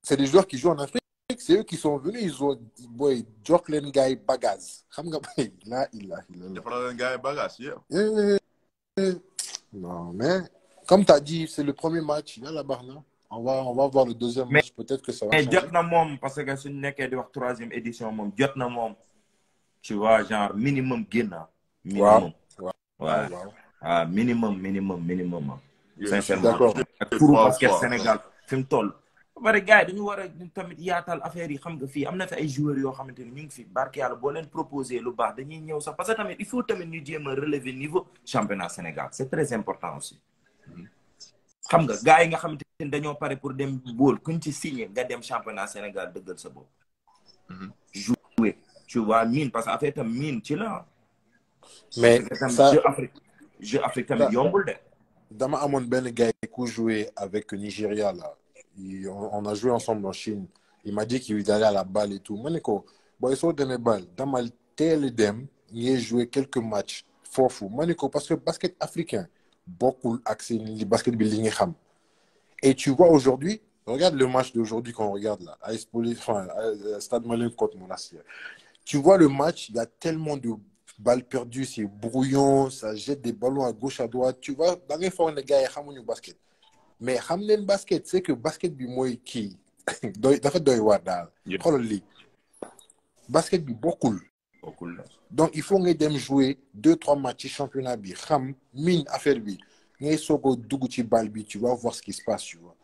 C'est des joueurs qui jouent en Afrique. C'est eux qui sont venus, ils ont dit, boy, Jock Lengay Bagaz. Là, il a. Non, mais comme ta as dit, c'est le premier match, il a la barre On va, on va voir le deuxième match, peut que ça va. Mais moom parce que suñu nekkee di wax troisième édition moom jot na moom. tu vois genre waaw ah, waaw ah, minimum minimum minimum am. sincèrement pour basket Sénégal fi mu toll. ba pare gars yi dañu war a tamit yaatal affaire yi xam nga fii am na fi ay joueurs yoo xamante ni ñu ngi fi barke yàlla boo leen proposé lu baax dañuy ñëw sax parce que tamit il faut tamit ñu jéem a relever niveau championnat Sénégal c'est très important aussi. xam nga gars yi nga xamante ni dañoo pare pour dem bool kuñ ci signé nga dem championnat Sénégal dëggal sa bopp. Mhm. jouer tu vois mine parce que ci la mais ça jeu dama amoon benn gars ku joué avec Nigeria là on, a joué ensemble en Chine il m'a dit qu'il allait à la balle et tout ma ne ko booy soo demee balle damal teel dem ngay joué quelques matchs foofu ma ne ko parce que basket africain bokkul ak seen li basket bi li xam et tu vois aujourd'hui regarde le match d'aujourd'hui qu'on regarde là AS Police Stade Malien contre Monastir tu vois le match il a tellement de balle perdue, c'est brouillon, ça jette des ballons à gauche, à droite. Tu vois, da ngay foog ne gars yi xamuñu basket mais xam leen basket c'est que basket bi mooy kii doy dafa doy waar daal. xoolal lii basket bi bokkul. bokkul donc il faut nga dem jouer deux trois matchs championnat bi xam mine affaire bi ngay soog o dugg ci balle bi tu vas voir ce qui se passe tu vois.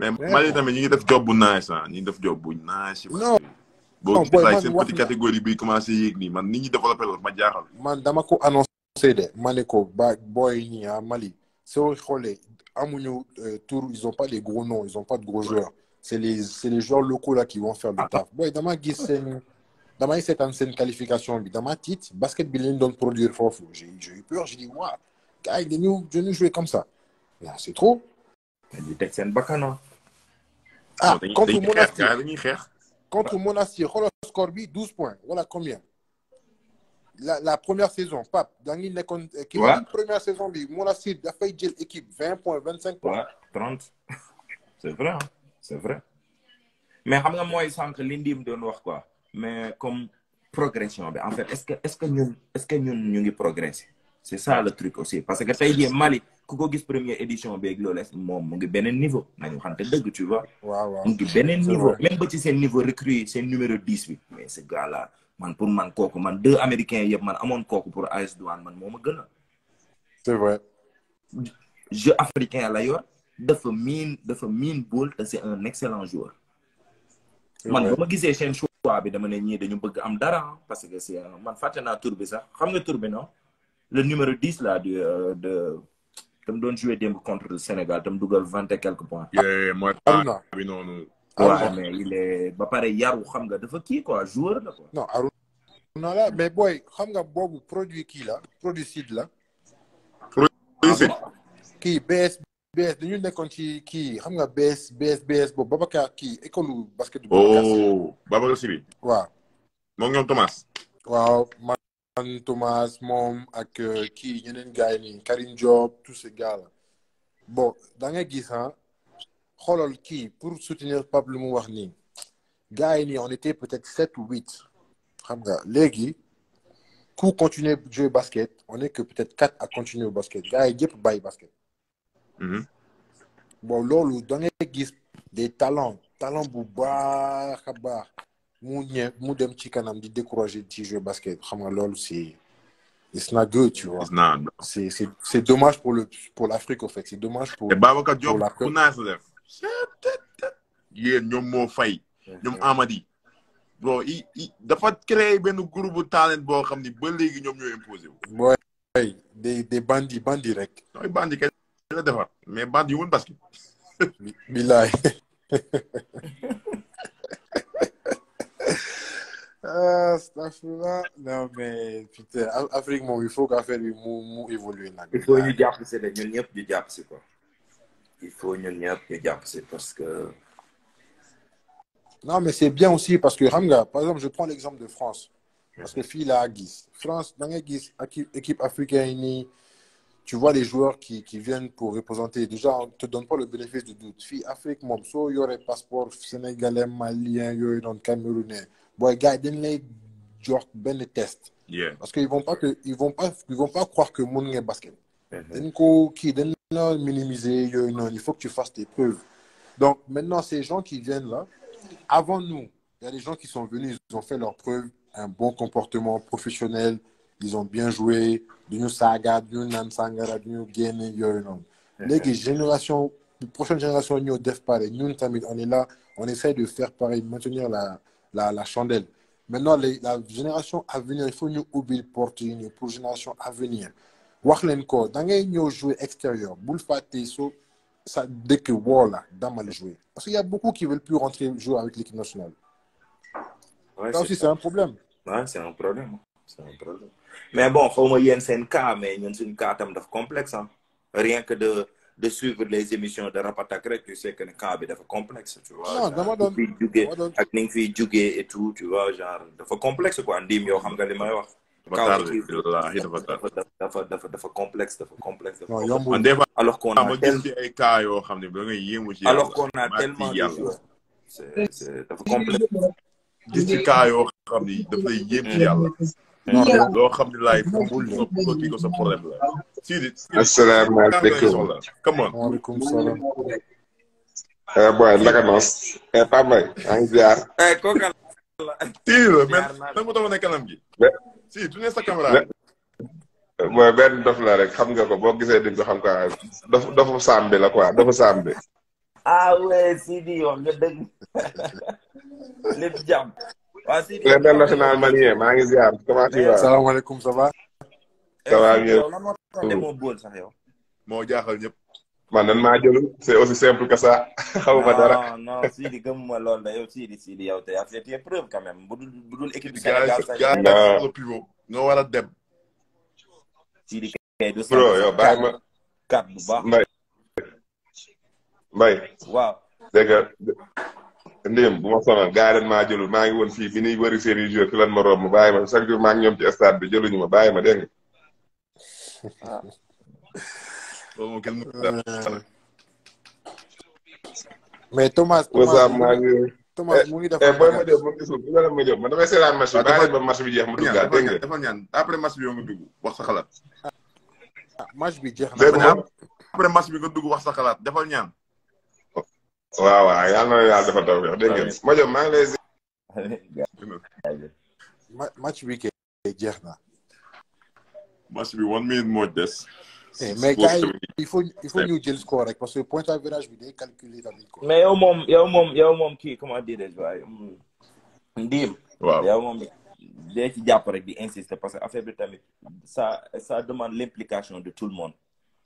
mais Mali tamit ñu ngi def job bu naaj ah. sax def job bu naaj. non. boo gis ay seen petit catégorie bi commencé yéeg nii man nit ñi développé loolu ma jaaxal. man dama ko annoncé de ma ne ko booy ñi ah Mali soo xoolee amuñu euh, tour ils ont pas les gros noms ils ont pas de gros joueurs c'est les c'est les joueurs locaux là qui vont faire le ah. taf booy dama gis seen dama gis seetaan seen qualification bi dama tiit basket bi leen doon produire foofu j'ai j'ai eu peur j'ai dit waaw gars yi dañu dañu jouer comme ça non c'est trop. dañuy teg seen bakkan ah. ah contre Monaco dañuy xeex contre Monastir xoolal score bi 12 points voilà combien. la la première saison Pape daa ngi nekkoon. kii première saison bi Monastir dafay jël équipe 20 points 25 points. waaw 30 c'est vrai hein? c'est mais xam nga mooy sànq li Ndim doon wax quoi. mais comme progression bi en fait est-ce que est-ce que ñun est ñu ngi progresser. c'est ça le truc aussi parce que tey jii Mali ku ko gis première édition beeg loolu moom mu ngi beneen niveau nañu xam te dëgg tu waaw waaw mu ngi beneen niveau même ba ci seen niveau recrue seen numéro dix huit. mais ce gars man pour man kooku man deux américains yëpp man amoon kooku pour AS Douane man moo a gën a. c'est vrai. la yor dafa miin dafa miin bool te c'est un excellent joueur. man ba ma gisee seen choix bi dama ne ñii dañu bëgg am dara parce que man fàtte naa sax xam nga turbi bi le numéro 10 là du euh, de tam doon joué démb contre le Sénégal tam dugal vingt et quelques points. mooy Aruna bi noonu. waaw mais il est ba pare yaru xam nga dafa kii quoi joueur la quoi. Aruna la mais booy xam nga boobu produit kii la produit sud la. produit sud. Ah, kii dañu nekkoon ci kii xam nga BS BS BS boobu Babacar kii école basket. Babacar Sibi. Oh, waaw. moom ñoom Thomas. waaw an Thomas moom ak eh, kii ñeneen gaay nii Karim Diop tous ces gars là bon da nga gis ah xoolal kii pour soutenir Pape lu mu wax nii gars yi nii on était peut-être sept ou huit xam nga léegi ku continuer jouer basket on est que peut-être quatre à continuer basket gars yi yëpp bàyyi basket. Mm-hmm. bon loolu da ngay gis des talents talent bu baax a baax mu ñëw mu dem ci kanam di décourager ci jeu basket xam nga loolu c'est it's not good tu vois. c'est c'est c'est dommage pour le pour l'Afrique en fait c'est dommage pour. Babacar Diop ku naas def. yéen ñoom moo fay. ñoom mm-hmm. Amady. bon i i dafa créer benn groupe bu talent boo xam ni ba léegi ñoom ñoo imposé wu. de des des bandits bandits rek. mooy bandits kay la defar mais bandits yu mën basket. astafurlah euh, non mais moom il faut affaire bi mu ñëpp ñu jàpp si quoi. il parce que. non mais c'est bien aussi parce que xam nga par exemple je prends l'exemple de France. parce que fii la gis France da ngay gis équipe équipe africaine yi nii tu vois les joueurs qui qui viennent pour représenter déjà on te donne pas le bénéfice du doute fii Afrique moom soo yore passeport sénégalais malien yooyu noonu camerounais. booy gars yi dañ lay jox benn test. parce que ils vont pas que ils vont pas croire que mën ngeen basket. Mm-hmm. dañ ko kii dañ la minimiser yooyu noonu il faut que tu fasses tes preuves. donc maintenant ces gens qui viennent là avant nous il y a des gens qui sont venus ils ont fait leurs preuves un bon comportement professionnel ils ont bien joué du ñu saaga du ñu naan sangara du ñu génne yooyu noonu. Mm-hmm. léegi génération prochaine génération ñoo def pareil ñun tamit on est là on essaie de faire pareil maintenir la. la, la chandelle. Maintenant, les, la génération à venir, il faut ñu ubbil porte yi pour génération à venir wax leen ko da ngay ñëw jouer extérieur bul fàtte so sa dëkk woo la damal jouer parce qu'il y a beaucoup qui veulent plus rentrer jouer avec l'équipe nationale. Ouais, ça aussi c'est un problème. c'est un problème. mais bon xaw ma yéen seen cas mais ñun suñu cas tam daf complexe rien que de. de suivre les émissions de Rapatak rek tu sais ne camp bi dafa complexe tu vois non ni nga fiy jugee et tout tu vois dafa complexe quoi ndim yoo xam nga li may wax kaw dafa dafa dafa dafa complexe dafa complexe dafa alors a yoo xam ne da nga yéemu ci alors qu'on a tellement de joueurs c'est dafa complexe gis ci yoo xam ne daf lay yéem ci yàlla loo problème la Sidi asalaamaaleykum come on waaleykum salaam eh boy naka noos eh Pape Mbaye maa ngi ziar eh kooka la Sidi la mais nag mu taxoon ne kanam gi si tu ne sa caméra mooy benn dof la rek xam nga ko boo gisee di nga xam quoi dof dofu saam bi la quoi dofu saam bi ah ouais Sidi wax nga dëgg lépp jàmm waa Sidi le national malien maa ngi ziar comment tu vas salaamaaleykum ça va ça va bien lan moo sax yow. moo jaaxal ñëpp. man nan maa jël c'est aussi simple que ça. xaw ma dara non non Sidi gëmuma lool da yow Sidi Sidi yow tey affaire preuve quand bu dul bu dul équipe. Sénégal sax gaa war a dem. Sidi pro yow bàyyi ma kat bu baax. mbay mbay. waaw c'est Ndim bu ma sonal gaa yi dañ maa jëlul maa ngi woon fii bi ñuy wëri seen i joueurs fi lan ma romb ma chaque jour maa ngi ñoom ci stade bi jëluñu ma bàyyi ma dégg nga waaw. mais Thomas. Thomas maa ngi. Thomas mu ngi def. booy ma jëm moom gisul bu la ma jëm man damay ba match bi jeex mu dugg dégg ñaan après match bi nga dugg wax sa xalaat. bi jeex na. après match bi nga dugg wax sa xalaat dafa ñaan. waaw waaw yal na yàlla dafa taw dégg nga ma jëm bi kay jeex na. match bi one minute moo des. Eh, mais gars bi day calculer tamit quoi. mais yow moom yow moom yow moom kii comment dire waaye. ndiim. waaw moom day ci jàpp rek di insister parce que affaire bi tamit ça ça demande l'implication de tout le monde.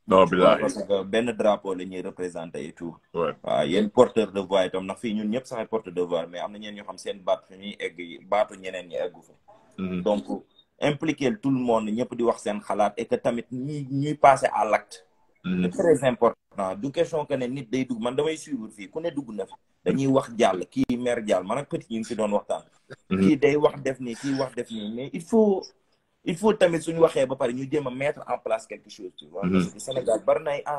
non bilaay parce que benn drapeau la ñuy représenté et tout. waaw yéen porteur de voix itam ndax fii ñun ñëpp sax ay porteur de voix mais am na ñeen ñoo xam seen baat fi ñuy egg baatu ñeneen ñi eggu fa. Mm-hmm. donc. impliquer tout le monde ñëpp di wax seen xalaat et que tamit ñuy ñuy passer à l'acte mm. c'est très important du question que ne nit day dugg man damay suivre fii ku ne dugg na fi dañuy wax jàll kii mer jàll man a petit ñu ngi si doon waxtaan mm-hmm. kii day wax def nii kii wax def nii mais il faut il faut tamit suñu waxee ba pare ñu jéem a mettre en place quelque chose tu vois mm-hmm. parce que Sénégal bari na ay am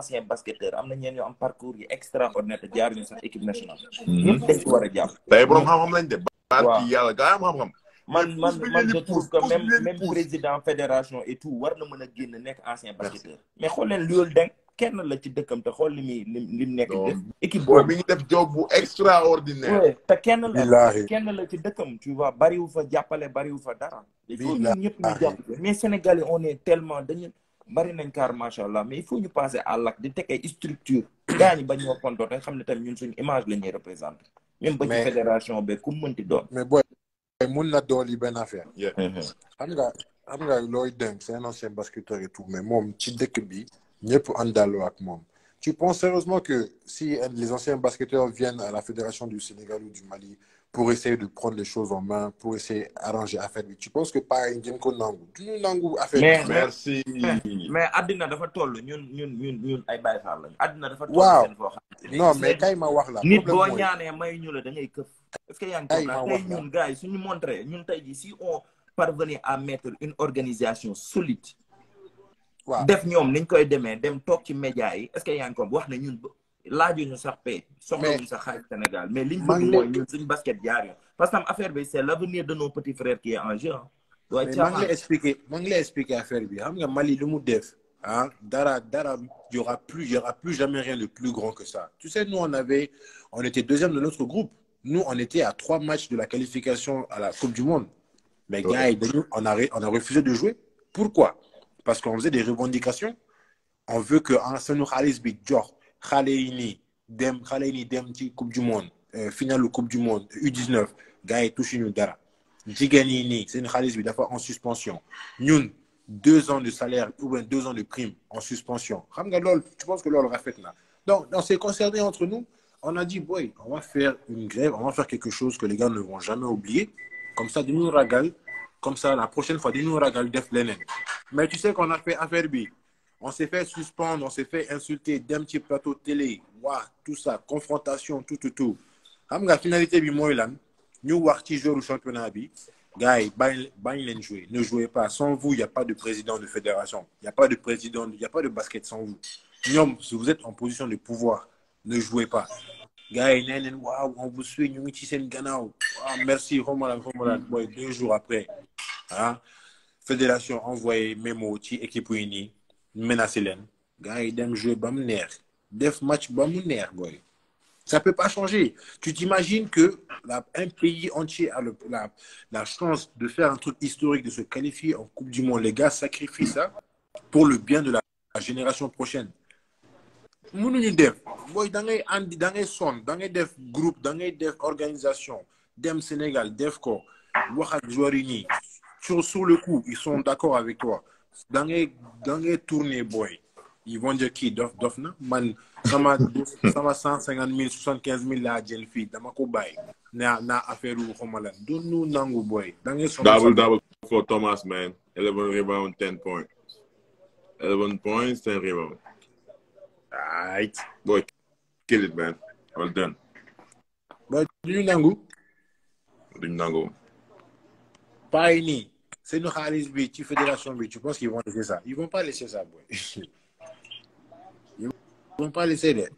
na ñeen yoo am parcours yi extraordinaire te jaar ñu sax équipe nationale mm-hmm. ñëpp dañ ci war a jàpp man man man je trouve que même même président fédération et tout war na mën a génn nekk ancien basketteur mais xool leen loolu kenn la ci dëkkam te xool li muy li mu nekk def équipe boobu mi ngi def job bu te kenn la kenn la ci dëkkam tu vois bariwu fa jàppale bariwu fa dara il faut ñun ñëpp ñu jàpp mais Sénégalais on est tellement dañu bari nañ kaar macha allah mais il faut ñu passer à l'acte di teg ay structure gaa ñi bañ ñoo kontoon te xam ne tamit ñun suñu image la ñuy représenter même ba ci fédération ba ku mënti doon mun na dooli benn affaire. Mm-hmm. xam nga xam nga looy dénk c'est un ancien basketteur et tout mais moom ci dëkk bi ñëpp àndaloo ak moom. tu penses sérieusement que si les anciens basketteurs viennent à la fédération du Sénégal ou du Mali pour essayer de prendre les choses en main pour essayer arranger affaire bi tu penses que pas ngeen ko nangu duñu nangu affaire bi merci mais addina dafa toll ñun ñun ñun ay Baye Fall lañu addina dafa toll waaw non mais kay ma wax la nit boo ñaanee may ñu la da ngay këf est-ce que yaa ngi tey ñun gars yi suñu montré ñun tey si on parvenir à mettre une organisation solide waaw def ñoom niñ koy demee dem toog ci média yi est-ce que yaa ngi wax ne ñun laajuñu sax paie. soxlawuñu sax xaaj Sénégal mais liñ bëgg mooy ñun suñu basket jaar yoon. parce que affaire bi c' est l' avenir de nos petits frères qui est en jeu ngi lay expliquer maa ngi lay expliquer Mali lu mu def. Ah, dara dara y aura plus y aura plus jamais rien de plus grand que ça tu sais nous on avait on était deuxième de notre groupe nous on était à trois matchs de la qualification à la coupe du monde mais ouais. gars yi on a on a refusé de jouer pourquoi parce qu'on faisait des revendications on veut que Sanu Xaalis bi jox xale yi nii dem xale yi nii dem ci coupe du monde euh, finalu coupe du monde U19 ga yi touché ñu dara jigéen yi nii seen xaalis bi dafa en suspension ñun deux ans de salaire ou bien deux ans de prime en suspension xam nga loolu je pense que loolu rafet na donc on s'est concerté entre nous on a dit boy on va faire une grève que les gars ne vont jamais oublier comme ça dañu ragal comme ça la prochaine fois dañu ragal def leneen mais tu sais qu'on a fait affaire on s'est fait suspendre, on s'est fait insulter d'un petit plateau télé waa tout ça confrontation tout tout xam nga finalité bi mooy lan ñu wax ci jour championnat bi gars yi bañ bañ leen jouer ne jouez pas sans vous il y a pas de président de fédération il y a pas de président il y a pas de basket sans vous ñoom si vous êtes en position de pouvoir ne yi nee leen waaw vous suit ñu ngi ci seen gannaaw waaw merci xomalan xomalan mooy deux jours après ah fédération envoyé mémo ci équipe yi nii menacé leen gars yi dem jouer ba mu neex def match ba mu neex booy ça peut pas changer tu t'imagines que la un pays entier a le, la la chance de faire un truc historique de se qualifier en coupe du monde les gars sacrifient pour le bien de la, la génération prochaine mënuñu def booy da ngay andi da ngay da ngay def groupe da ngay def organisation dem Sénégal def ko wax ak joueurs yi nii sur sur le coup ils sont d'accord avec toi da ngay da ngay tourner booy. kii dof dof na man sama sama cinquante mille soixante quinze mille laa jël fii dama ko bàyyi. naa naa affaire wu xuma nangu booy. da ngay sonn Thomas man. eleven rebound ten points. eleven points ten rebound. right. booy kill man. well done. booy nangu. duñu nangu. bàyyi nii. seen xaalis bi ci fédération bi tu penses qu'ils vont laisser ça ils vont pas laisser ça boy ils vont pas laisser de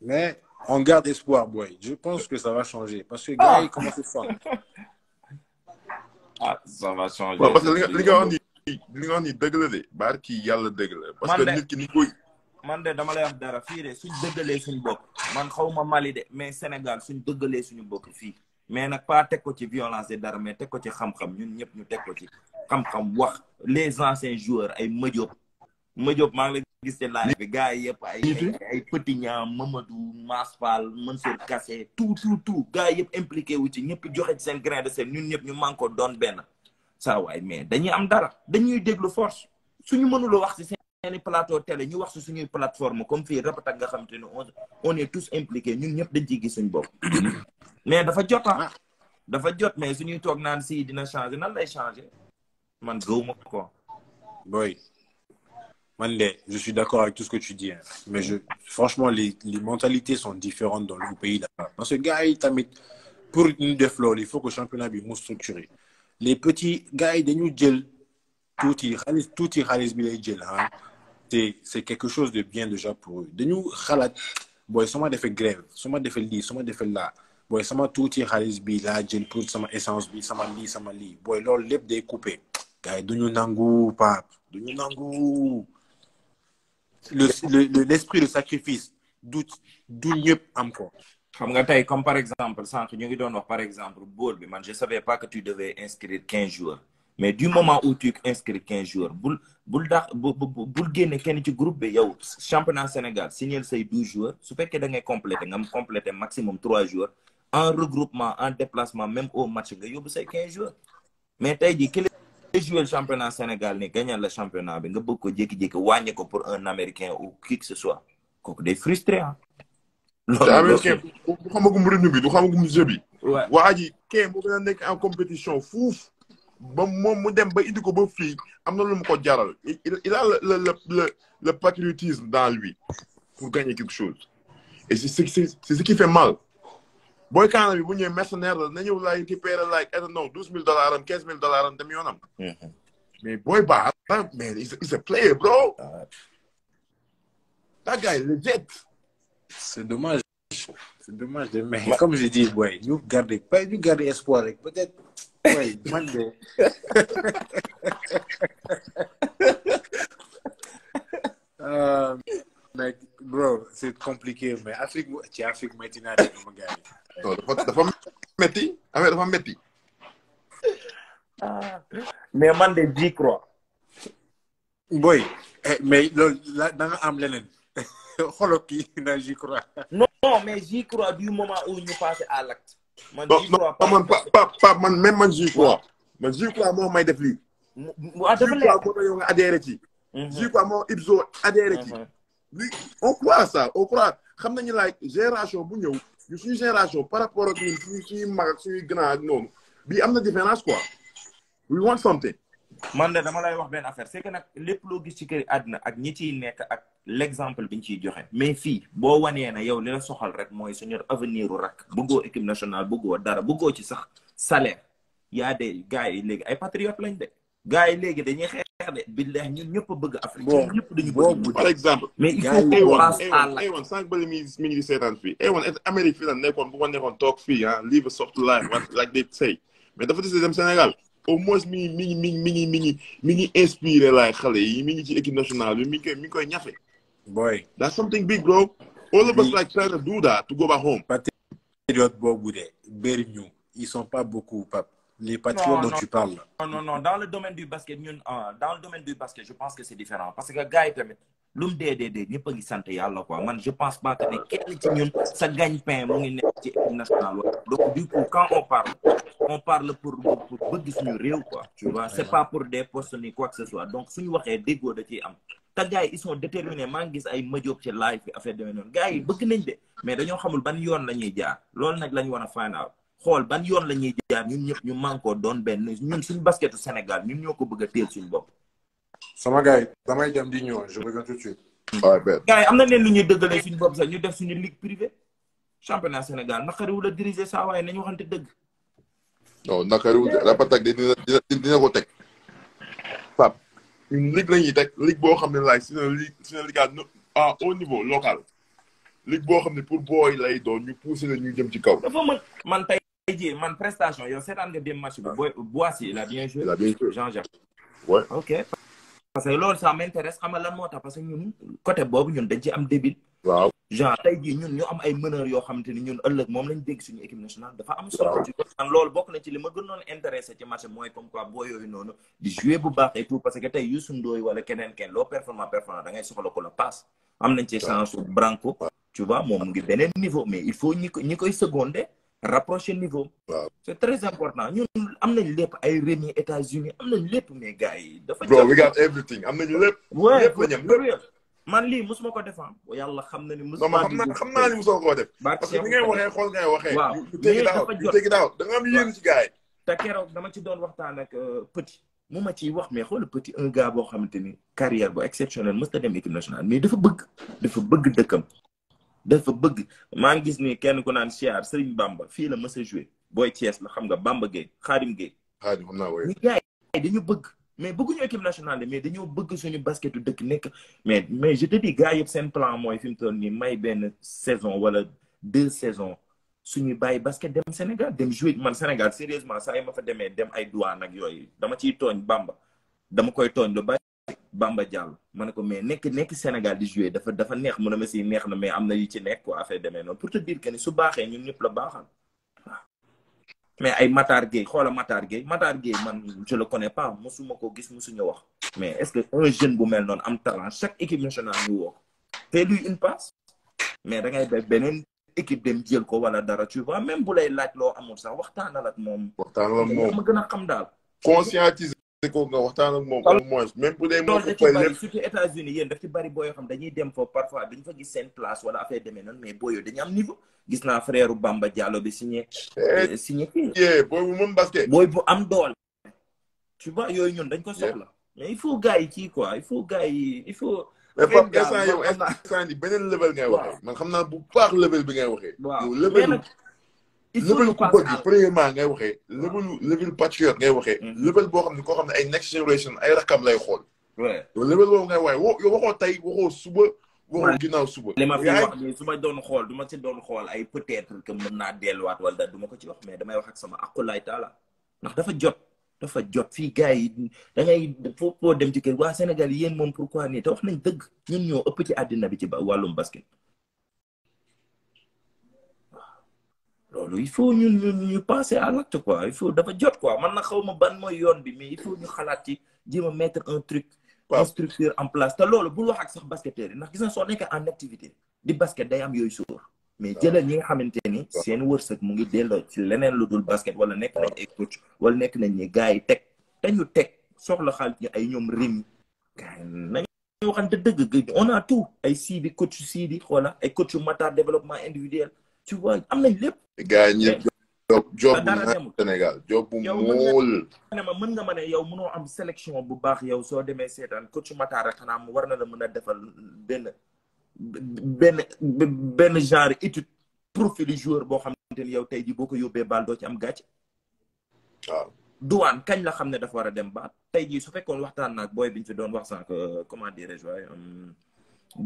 mais on garde espoir boy je pense que ça va changer parce que gars yi commencé fort ah ça va changer parce que li nga wax dëgg la de barki yàlla dëgg la parce que nit ki ni koy man de dama lay dara fii de suñ dëggalee suñu bopp man xawma Mali de mais Sénégal suñ dëggalee suñu bopp fii mais nag pas teg ko ci violence de dara mais teg ko ci xam-xam ñun ñëpp ñu teg ko ci xam-xam wax les anciens joueurs ay Madiop Madiop maa ngi la gis te live bi gars yëpp ay ay Petit Niang Mamadou Masfal Mansour Kassé tout tout tout gars yëpp impliqué wu ci ñëpp joxe ci seen grain de sel ñun ñëpp ñu manko doon benn saa waay mais dañuy am dara dañuy déglu force suñu mënuloo wax ci seeni plateau télé ñu wax ci suñuy plateforme comme fii Rapatak nga xam te ne on on est tous impliqués ñun ñëpp dañ ciy gis suñu bopp mais dafa jot ah. dafa jot mais suñuy toog naan si dina changer nan lay changer man gëwuma ko boy man de je suis d'accord avec tout ce que tu dis hein. mais je franchement les les mentalités sont différentes dans le pays là-bas parce que gars yi tamit pour ñu def loolu il faut que championnat bi mu structuré les petits gars yi dañu jël tuuti xaalis tuuti xaalis bi lay jël ah te c'est quelque chose de bien déjà pour eux dañu xalaat booy sama defee grève sama defee lii sama defee laa booy sama tuuti xaalis bi laa jël pour sama essence bi sama lii sama lii booy loolu lépp day coupé gars yi du ñu nangu Pape du ñu nangu le le l' esprit de sacrifice du du ñëpp am ko. xam nga tey comme par exemple sànq ñu ngi doon wax par exemple bool bi man je savais pas que tu devais inscrire quinze joueurs mais du moment où tu inscris quinze joueurs bul bul dax bu bul génne kenn ci groupe bi yow championnat Sénégal signal say douze jour su fekkee da ngay complété nga complété maximum trois joueurs en regroupement en déplacement même au match nga yóbbu say quinze joueurs nga joué championnat Sénégal ni gagnal la championnat bi nga bëgg ko jékki-jékki wàññi ko pour un américain ou qui que ce soit kooku day frustré ah. loolu américain du xamagum rythme bi du xamagum jeu bi. waa ji kee moo gën a nekk en compétition fuuf. ba moom mu dem ba indi ko ba fii am na lu mu ko jaral il a le le le dans lui pour gagner quelque chose et c'est ce qui fait mal. booy kaana bi bu ñëwee mercenaire la na ñëw lay I don't know douze mille dollars am quinze mille dollars mm-hmm. mais booy baara mais is is a player bro. that guy legit. c'est dommage. c'est dommage de mais comme je dis booy ñu garder pas ñu garder espoir rek peut-être booy man de. mais euh, bro c'est compliqué mais Afrique ci ma gars dafa dafa métti dafa métti. Ah. mais man de j'y crois. boy eh, mais loolu am leneen xolo kii na j'y crois. non non mais j'y crois du moment où ñu passé à l'acte. man j'y crois pas même man j'y crois. man may def lii. waaw ah, dafa léegi ci. j'y crois moo Ibzo adhéré ci. Mhm. Mhm. li on croit ça on croit xam nañu like génération bu ñëw. ñu suñu génération par rapport ak ñun suñu ak suñuy grand am na différence quoi we want something man de dama lay wax benn affaire c'est que nag lépp loo gis ci kër àddina ak ñi ciy nekk ak l'exemple bi ñu ciy joxe mais fii boo wanee na yow li soxal rek mooy suñu avenir u rak bëggoo équipe nationale bëggoo dara bëggoo ci sax salaire yaa de gars yi léegi ay patriote lañ de gars yi léegi dañuy xeex de billahi ñun ñëpp a bëgg Afrique. bon bon par exemple. mais il faut qu'on passe à la A1 sànq bële mi mi ngi seetaan fii A1 Amérique fii la nekkoon bu ko nekkoon toog fii ah live a soft life like they say mais dafa des dem Sénégal au moins mi ngi mi ngi mi ngi mi ngi mi ngi inspiré laay xale yi mi ngi ci équipe nationale bi mi ngi koy mi ngi koy ñafe. boy that's something big bro. all of us like try to do that to go back home. période boobu de bëri ñu ils pas beaucoup les patriotes dont non, tu parles. Non, non, non, dans le domaine du basket, ñun ah, dans le domaine du basket, je pense que c'est différent parce que gars tamit lu dee dee dee ñëpp a ngi sant yàlla quoi man je pense pas que ne kenn ci ñun sa gagne-pain mu ngi nekk ci équipe nationale donc du coup quand on parle on parle pour pour bëgg suñu réew quoi tu vois c'est pas pour des postes ni quoi que ce soit donc suñu waxee déggoo da ciy am te gars yi ils sont maa ngi gis ay majob ci live bi affaire demee bëgg nañ de mais dañoo xamul ban yoon la ñuy jaar loolu nag la ñu war a xool ban yoon la ñuy jaar ñun ñëpp ñu mànkoo doon benn ñun suñ basketu Sénégal ñu ñoo ko bëgg a téel suñu bopp. sama gars yi damay dem di ñëw je reviens tout de mm. am na leen lu ñuy dëggalee suñu bopp sax ñu def suñu ligue privée championnat Sénégal naqariwul a diriger saa waaye nañu waxante dëgg. non naqariwul Rapatak dina dina ko teg. Pape une ligue la ñuy teg ligue boo xam ne laaj si na ligue si na ligue niveau local ligue boo xam ne pour booy lay doon ñu pousser la ñuy jëm ci kaw. dafa man tey tey man prestation yow seetaan nga dem match bi ah. booy Boissy il a bien joué. il Jean-Jacques. ok parce que loolu ça m'intéresse xam nga lan moo tax parce que ñun côté boobu ñun dañ am débit. waaw tey jii ñun ñu am ay meneur yoo xamante ni ñun ëllëg moom lañ dégg suñu équipe nationale dafa am solo. waaw loolu bokk na ci li ma gënoon intéressé ci match mooy comme quoi boo yooyu noonu di jouer bu baax tout parce que tey Youssou Ndoye wala keneen kenn loo performant rapprocher niveau. waaw c' est très important ñun am nañ lépp ay Remy États-Unis am nañ lépp mais gars yi. dafa jàpp bro we got everything am nañ lépp. lépp la ñam lépp man lii musuma ko defam ah. yàlla xam na ni musuma xam naa xam naa ni musoo koo def parce que ni ngay waxee xool ngay waxee waaw ñu teggi daaw ñu teggi daaw da nga ci dama ci doon waxtaan ak euh, petit mu ma ciy wax mais xoolu petit un gars boo xamante ni carrière bu exceptionnel mës ta dem équipe nationale mais dafa bëgg dafa bëgg dëkkam dafa bëgg maa ngi gis ni kenn ku naan siyaar Serigne Bamba fii la mës a joué booy Thiès la xam nga Bamba Gueye Xaadim Gueye. Xaadim xam naa wooyee gars yi dañu bëgg mais bëgguñu équipe nationale mais dañoo bëgg suñu basketu dëkk nekk mais mais je te dis gars yëpp seen plan mooy fi mu toll nii may benn saison wala deux saisons suñuy bàyyi basket dem Sénégal dem joué man Sénégal sérieusement saa yi ma fa demee dem ay duwaa ak yooyu dama ciy tooñ Bamba dama koy tooñ lu Bamba Diallo ma ne ko mais nekk nekk Sénégal di jouer dafa dafa neex mu ne neex na mais am na yu ci nekk quoi affaire demee noonu pour te dire que ni su baaxee ñun ñëpp la baaxal mais ay Matar Gueye xoola Matar Gueye Matar Gueye man je le connais pas mosuma ko gis mosuñu wax mais est-ce que un jeune bu mel noonu am talent chaque équipe nationale ñu woo te lui une passe mais dangay ngay beneen équipe dem jël ko wala dara tu vois même bu lay laaj loo amul sax waxtaanal ak moom. waxtaanal ak moom ma gën a xam daal. ko nga waxtaan ak moom au moins même bu dee moo ko lépp surtout États-Unis yéen daf ci bari booyoo xam dañuy dem foofu parfois duñ fa gis seen place wala affaire demee noonu mais eh, eh, eh, booy bu am doole tu yooyu ñun dañ ko soxla mais il faut gars yi kii quoi il faut gars yi il faut mais instant yow instant yi beneen level ngay waxee man xam naa bu baax level bi ngay waxee yow level level football bi premièrement ngay waxee level level patriote ngay waxee mm-hmm. level boo xam ne koo xam ne ay next generation ay rakam lay xool yow level boobu ngay waxee wo yow waxoo tey waxoo suba waxoo ginnaaw suba li ma fi wax ni su ma doon xool du ma ci doon xool ay peut être que mën naa delluwaat wala du ma ko ci wax mais damay wax ak sama aqulaay taala ndax dafa jot dafa jot fii gars yi da ngay foo dem ci kër waa Sénégal yéen moom pourquoi nii te wax nañ dëgg ñun ñoo ëpp ci àddina bi ci wàllum basket loolu il faut ñun ñu ñu passer à l'acte quoi il faut dafa jot quoi man na xaw ma ban mooy yoon bi mais il faut ñu xalaat ci jéem a mettre un truc une structure en place te loolu bul wax ak sax basketteurs yi ndax gis na soo nekkee en activité di basket day am yooyu suur mais jëlal ñi nga xamante ni seen wërsëg mu ngi delloo ci leneen lu dul basket wala nekk nañ ay coach wala nekk nañ ñi gars yi teg te ñu teg soxla xaalis ñu ay ñoom rim gars nañ waxante dëgg on a tout ay sii bi coach sii bi xoola ay coach matar développement tu vois am nañ lépp. gars yi ñëpp job bu mu Sénégal job bu muul. mën nga ma ne yow mënoo am sélection bu baax yow soo demee seetaan coach Matar rek xanaa mu war na la mën a defal benn benn benn genre étude profil joueur boo xam ni yow tey jii boo ko yóbbee baal doo ci am gàcce. waaw duwaan kañ la xam ne dafa war a dem baat tey jii su fekkoon waxtaan naag booy biñ fi doon wax sànq euh, comment dirais-je euh,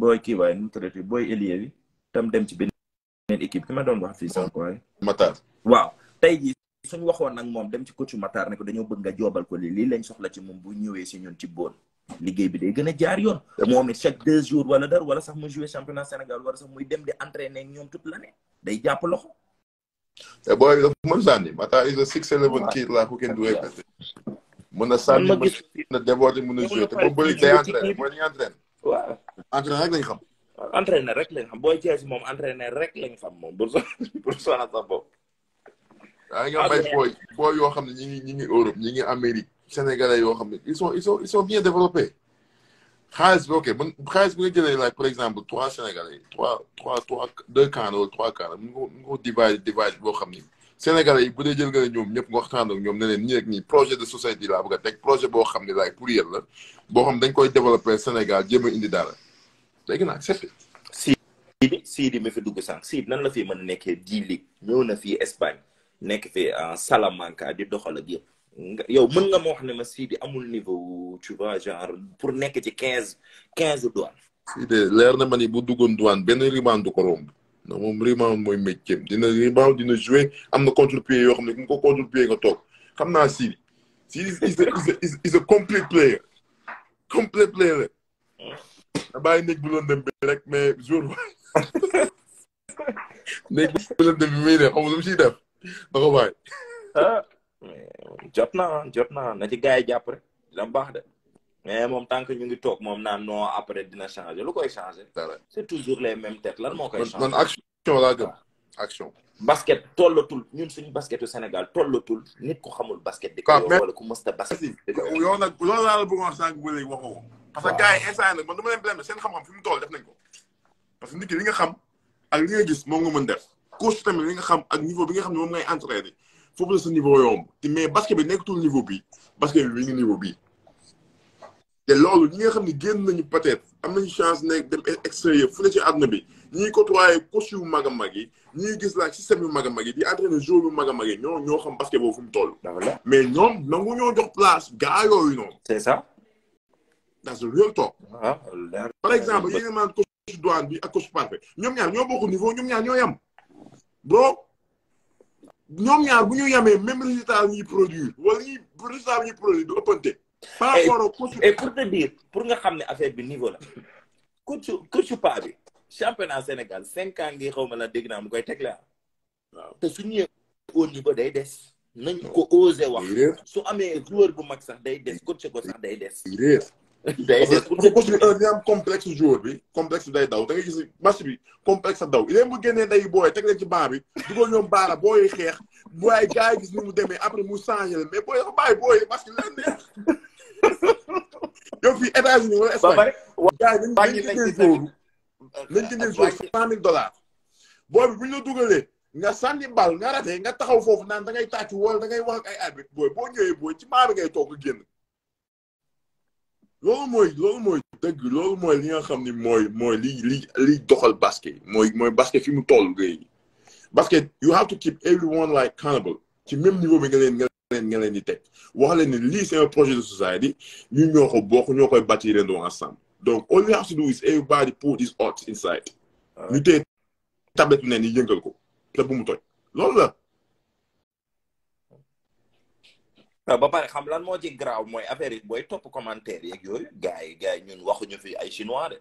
booy kii waaye nu mu booy ailier tam dem ci benn beneen équipe ki ma doon wax fii sànq waaye. waaw tey suñ waxoon nag moom dem ci coachu Matar ne dañoo bëgg nga joobal ko lii lii lañ soxla ci moom bu ñëwee si ñun ci boon liggéey bi day gën a jaar yoon. moom ne chaque deux jours wala dara wala sax muy jouer championnat Sénégal wala sax muy dem di entraîner ak ñoom toute l'année day jàpp loxo. te eh, booy bi dafa mën sànni Matar is a six eleven kid laa ko kenn du répété. mën na sànni mën na déborder mën na jouer te boobu bëri day entraîner mooy li ñu entraîner. entraîner rek lañ xam booy moom entraîner rek lañ xam moom pour so pour sonal sa bopp. ah nga may ah, booy booy yoo xam ne ñi ngi ñi ngi Europe ñi ngi Amérique Sénégalais yoo xam ne ils sont ils sont ils sont bien développés. xaalis bi ok xaalis bi nga jëlee like par exemple trois Sénégalais trois trois trois deux camps wala trois camps mu ngi ko mu ngi boo xam ni. Sénégalais yi bu dee jël nga ne ñoom ñëpp nga projet de société laa bëgg a teg projet boo xam ne laay pour yéen la boo xam dañ koy développer Sénégal jéem indi dara. léegi nag c'est Sidi Sidi mi fi dugg sànq Sidi nan la fi mën a nekkee di ligue ñëw na fii Espagne nekk fi en Salamanca di doxal a yëpp yow mën nga ma wax ne ma Sidi amul niveau tu vois genre pour nekk ci quinze quinze douane. Sidi leer na ma ni bu duggoon douane benn rebound du ko romb non moom rebound mooy métier dina rebound dina jouer am na contre-pied yoo xam ne ku ko contre-pied nga toog xam naa Sidi. Sidi is a is a complete player complete player. Hmm. nga bàyyi néeg bu lëndëm bi rek mais jour bi néeg bu bi muy ne xam lu mu ciy ah, jot naa jot na ci gars yi jàpp rek dina moom tant ñu ngi toog moom naan non après dina changé lu koy changé c'est toujours les mêmes têtes lan moo koy. changer man action laa gëm ah. action. basket tollatul ñun suñu basketu Sénégal tollatul nit ku xamul basket. di ko yor wala ku mësta basket. yow nag loolu laa la bëggoon sànq bu léegi waxoo parce que gars yi instant yii nag man dama leen blâme seen xam-xam fi mu toll def nañ ko. parce que nit ki li nga xam ak li nga gis moom nga mën def course tamit li nga xam ak niveau bi nga xam ne moom ngay entraîné foofu mais basket bi nekkatul niveau bii basket bi mi ngi te loolu ñi nga xam ne génn nañu peut-être am nañu chance ne dem extérieur fu ne ci àdduna bi ñuy côtoyé coach yu mag a mag yi ñuy gis laa système yu mag a mag yi di entraîné jour yu mag a mag yi ñoo ñoo xam basket boobu fu mu toll. mais ñoom nangu ñoo jox place gaa yooyu noonu. that's the ah, par exemple yéen a naan coach douane bi ak coach parfait ñoom ñaar ñoo bokk niveau ñoom ñaar ñoo yem. bro ñoom ñaar bu ñu yemee même résultat ñuy produire wala ñuy résultat bi ñuy produire du par rapport ak coach pour te dire pour nga xam ne affaire bi niveau la. coach coach pa bi. championnat Sénégal cinq ans ngi xaw ma la dégg naa mu koy tegle waaw te su ñëwee au niveau day des. nañ ko osé wax. su amee joueur bu mag sax day des coach ko sax day des. day day construire un lien complexe bi complexe day daw da gis match bi complexe daw léegi mu génne day booy teg leen ci banc bi dugal ñoom baara booy xeex booy gars yi gis ni mu demee après mu changé la mais booy dafa booy parce que leen neex yow fii États-Unis wala Espagne gars yi nañ jëndee joueur bu ñu dugalee nga sànni bal nga nga taxaw foofu naan da ngay tàcc wala ngay wax ak ay arbitre booy boo ñëwee booy ci maa bi ngay toog nga génn loolu mooy loolu mooy dëgg loolu mooy li nga xam ni mooy mooy li li li doxal basket mooy mooy basket fi mu toll léegi basket you have to keep everyone like accountable ci même niveau bi nga leen nga leen nga di teg wax leen ni lii c'est un projet de société ñoo ko bokk ñoo koy bâtirandoo ensemble donc all you have to do is everybody put his heart inside ah. ñu téye tablette ne ni yëngal ko te bu mu toj loolu la Euh, ba pare xam lan moo ci garaaw mooy affaire yi booy topp commentaire yeeg yooyu gars yi gars yi ñun waxuñu fi ay chinois de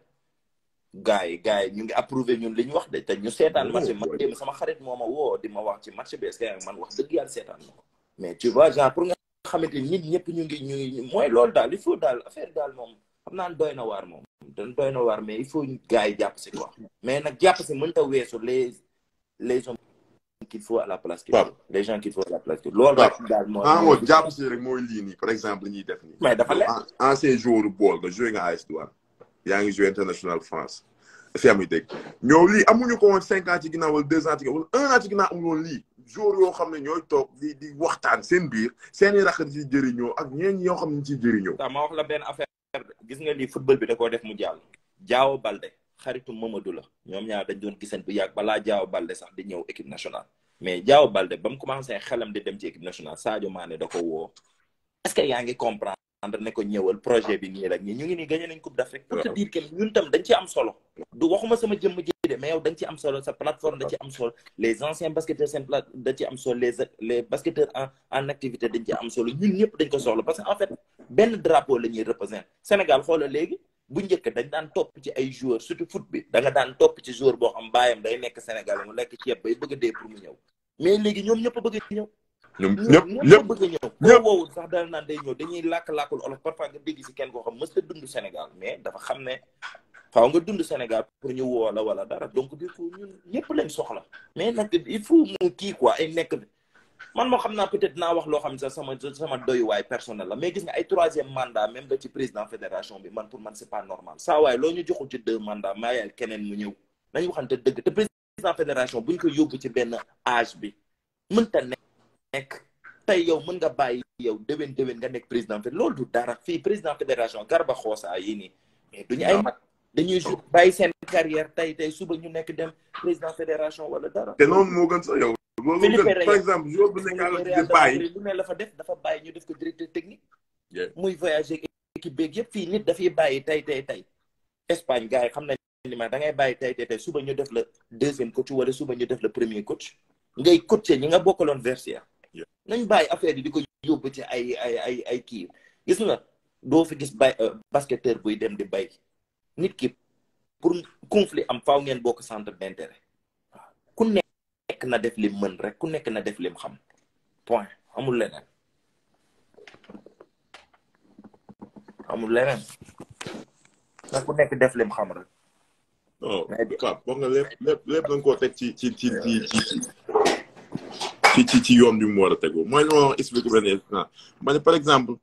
gars yi gars yi ñu ngi approuvé ñun li ñu wax de te ñu seetaan oh, ma man dem sama xarit moo ma woo di ma wax ci match bi est man wax dëgg yàlla seetaan na ko mais tu vois genre pour nga xamante nit ñëpp ñu ngi ñu mooy loolu daal il faut daal affaire daal moom xam naa doy na waar moom dañ doy na waar mais il faut gars yi jàpp si quoi mais nag jàpp si mënta weesu les les hommes qu'il faut à la place que les gens qu'il faut à la place que daal mooy ah, en si rek mooy lii nii par exemple ñuy def nii mais dafa bool nga joué nga AS Douanes yaa ngi joué international France si amuy dégg ñoo lii amuñu ko woon cinq ans ci ginnaaw wala deux ans ci ginnaaw wala un an ci ginnaaw amul woon lii joueur yoo xam ne ñooy toog di di waxtaan seen biir seen i raxat ci jëriñoo ak ñeen yoo xam ne ñu ciy jëriñoo ma wax la benn affaire gis nga lii football bi da koo def mu jàll Diao Baldé xaritu Mamadou la ñoom ñaar dañ doon giseen bu yàgg balaa Diao Balde sax di ñëw équipe nationale mais jaaw Balde ba mu commencé xelam di dem ci équipe nationale Sadio Mané da ko woo est que yaa ngi comprendre ne ko ñëwal projet bi nii rek ñi ñu ngi nii gagné nañ Coupe d'Afrique pour te dire que ñun tam dañ ci am solo du waxuma sama jëmm ji de mais yow dañ ci am solo sa plateforme da ci am solo les anciens basketteurs seen plate da ci am solo les les basketteurs en en am solo ñun ñëpp dañ ko soxla parce que en fait benn drapeau la ñuy représenter Sénégal léegi bu njëkk dañ daan topp ci ay joueurs surtout foot bi da daan topp ci joueur boo xam baayam day nekk Sénégal mu lekk ceeb bay bëgg a dee pour mu ñëw mais léegi ñoom ñëpp bëgg a ñëw. ñoom ñëpp ñëpp bëgg a ñëw. sax daal naan day dañuy làkk-làkkul olof parfois nga dégg si kenn koo xam mës a dund Sénégal mais dafa xam ne faaw nga dund Sénégal pour ñu woo la wala dara donc du coup ñun ñëpp lañ soxla mais nag il faut mu kii quoi ay nekk. man moo xam naa peut-être naa wax loo xam ne sax sama sama doyuwaay personnel la mais gis nga ay troisième mandat même ba ci président fédération bi man pour man c'est pas normal saa waaye loo ñu joxul ci deux mandats maayal keneen mu ñëw nañu waxante dëgg te président fédération buñ ko yóbbu ci benn âge bi mënta nekk tey yow mën nga bàyyi yow déwén déwén nga nekk président fédération loolu du dara fii président fédération garba xoosaa yi nii mais duñu ay mag dañuy jour bàyyi seen carrière tey tey suba ñu nekk dem président fédération wala dara te noonu moo gën sax Felipe par exemple joueur bu nekk à lu ne la fa def dafa bàyyi ñu def ko directeur technique. muy voyager équipe beeg yëpp fii nit dafay bàyyi tey tey tey. Espagne gars yi xam nañ ni ma da ngay bàyyi tey tey tey suba ñu def la deuxième coach wala suba ñu def la premier coach. ngay coacher ñi nga bokkaloon Versailles. nañ bàyyi affaire yi di ko yóbbu ci ay ay ay kii gis nga doo fi gis bay euh, basketteur buy dem di bay nit ki pour conflit am faw ngeen bokk centre d'intérêt. nekk na def lim mën rek ku nekk na def lim xam point amul leneen amul leneen na ku nekk def lim xam rek. non Pape wax nga lépp lépp lépp teg ci ci ci ci ci ci bi mu war a tegu mooy li ma expliqué benn instant ma par exemple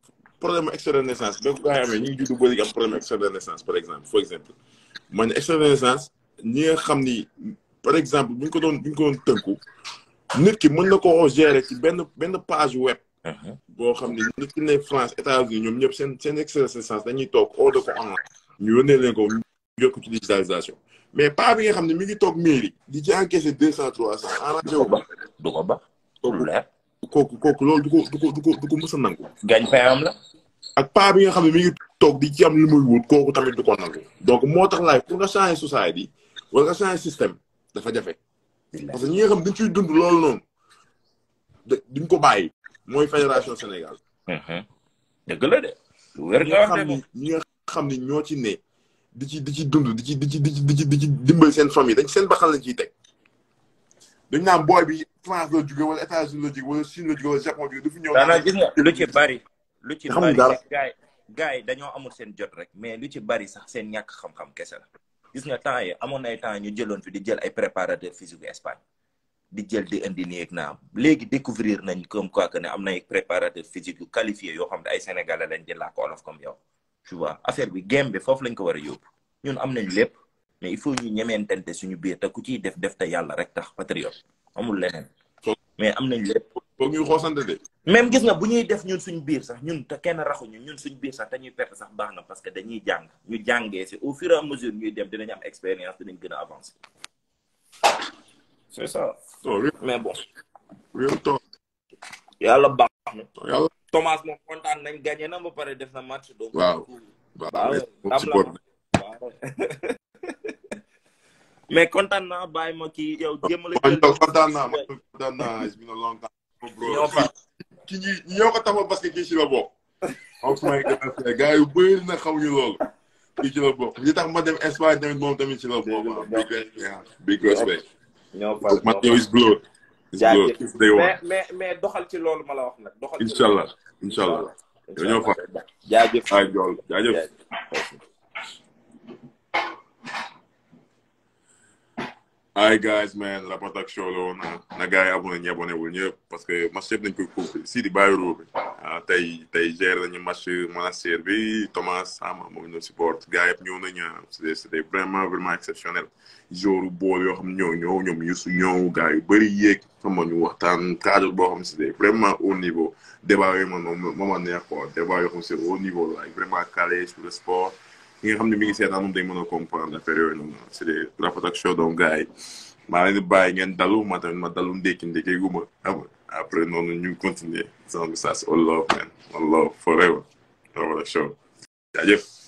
problème extrait de naissance bépp gaa yi amee ñu ngi juddu bëri problème extrait de naissance par exemple for exemple ma ne de naissance ñi nga xam ni. par exemple bu ñu ko doon bu ñu ko doon tënku nit ki mën na ko koo gérer ci benn benn page web. Uh-huh. boo xam ne nit ki ne France États-Unis ñoom ñëpp seen seen excellence dañuy toog ordre ko online ñu yónnee leen ko yokk ci digitalisation mais paa bi nga xam ne mi ngi toog mairie di ci encaissé deux cent trois ba du ko ba kooku kooku kooku loolu du ko du ko du ko du ko mës nangu ak pas bi nga xam ne mi ngi toog di ci am li wut kooku tamit du ko nangu donc moo tax laay pour nga changer société wala nga changer système dafa jafe. parce que ñi nga xam dañ ciy dund loolu noonu. di duñ ko bàyyi. mooy fédération Sénégal. Uh-huh. dëgg la xam ni ñoo ci ne. di ci di ci dund di ci di ci di ci di ci di ci dimbali seen famille dañ seen baxal lañ ciy teg. dañ naan booy bi France la jóge wala États-Unis la jóge wala Chine la jóge wala Japon jóge dafa ñëw. daanaka lu ci bari. lu ci bari gaay gaay dañoo amul seen jot rek mais lu ci bari sax seen ñàkk xam-xam kese gis nga temps yi amoon na ay temps ñu jëloon fi di jël ay préparateur physique Espagne di jël di indi nii ak léegi découvrir nañ comme quoi que ne am na ay préparateur physique yu qualifié yoo xam ne ay sénégalais lañ di làkk olof comme yow tu vois affaire bi game foofu lañ ko war a yóbbu ñun am nañ lépp mais il faut ñu ñemeentente suñu biir te ku ci def def te yàlla rek tax patriote amul leneen mais am nañ lépp foog ñuy xoosante de. même gis nga bu ñuy def ñun suñ biir sax ñun te kenn raxuñu ñun suñ biir sax te ñuy perte sax baax na parce que dañuy jàng ñu jàngee si au fur et à mesure ñuy dem dinañ am expérience dinañ gën a avancer. c'est ça. Oh, mais bon. yàlla baax na. yàlla Thomas moom kontaan nañ gagné na ba pare def na match. donc mais kontaan naa bàyyi ma kii yow jéem a. kontaan naa kontaan naa it's been a long ñoo fa ki ñoo ko taxawal parce que kii ci la bokk. xaw ma ay gàncax yu bëri na xamuñu loolu. kii ci la bokk li tax ma dem Espagne tamit moom tamit ci la bokk. big big respect. ñoo fa man yow is blood. jaajëf doxal ci loolu ma la wax nag. doxal ci loolu incha ñoo fa jaajëf ay hi guys man la patak show la woon na gars yi abonné ñi abonné wul ñëpp parce que match yëpp nañ koy couper si di bàyyi roo bi ah tey tey gérer nañu match Monastir bi Thomas Sama moom ñoo support gars yëpp ñëw nañu ah, c'était c'était vraiment vraiment exceptionnel jour bool yoo xam ñëw ñëw ñoom Youssou ñëw gars yu bëri yéeg xam nga ñu waxtaan cadre boo xam c'était vraiment au niveau débat yooyu man moom mooma neex quoi débat yoo xam c'est niveau like vraiment calé sur le sport ñi nga xam ne mi ngi seetaan moom dañ mën a comprendre affaire yooyu noonu c'est des rafet ak show donc gars yi maa leen di ngeen dalu ma tamit ma dalu ndékki ndékki guma xam ah après noonu ñu continuer sama message all love man o love forever rafet ak show jaajëf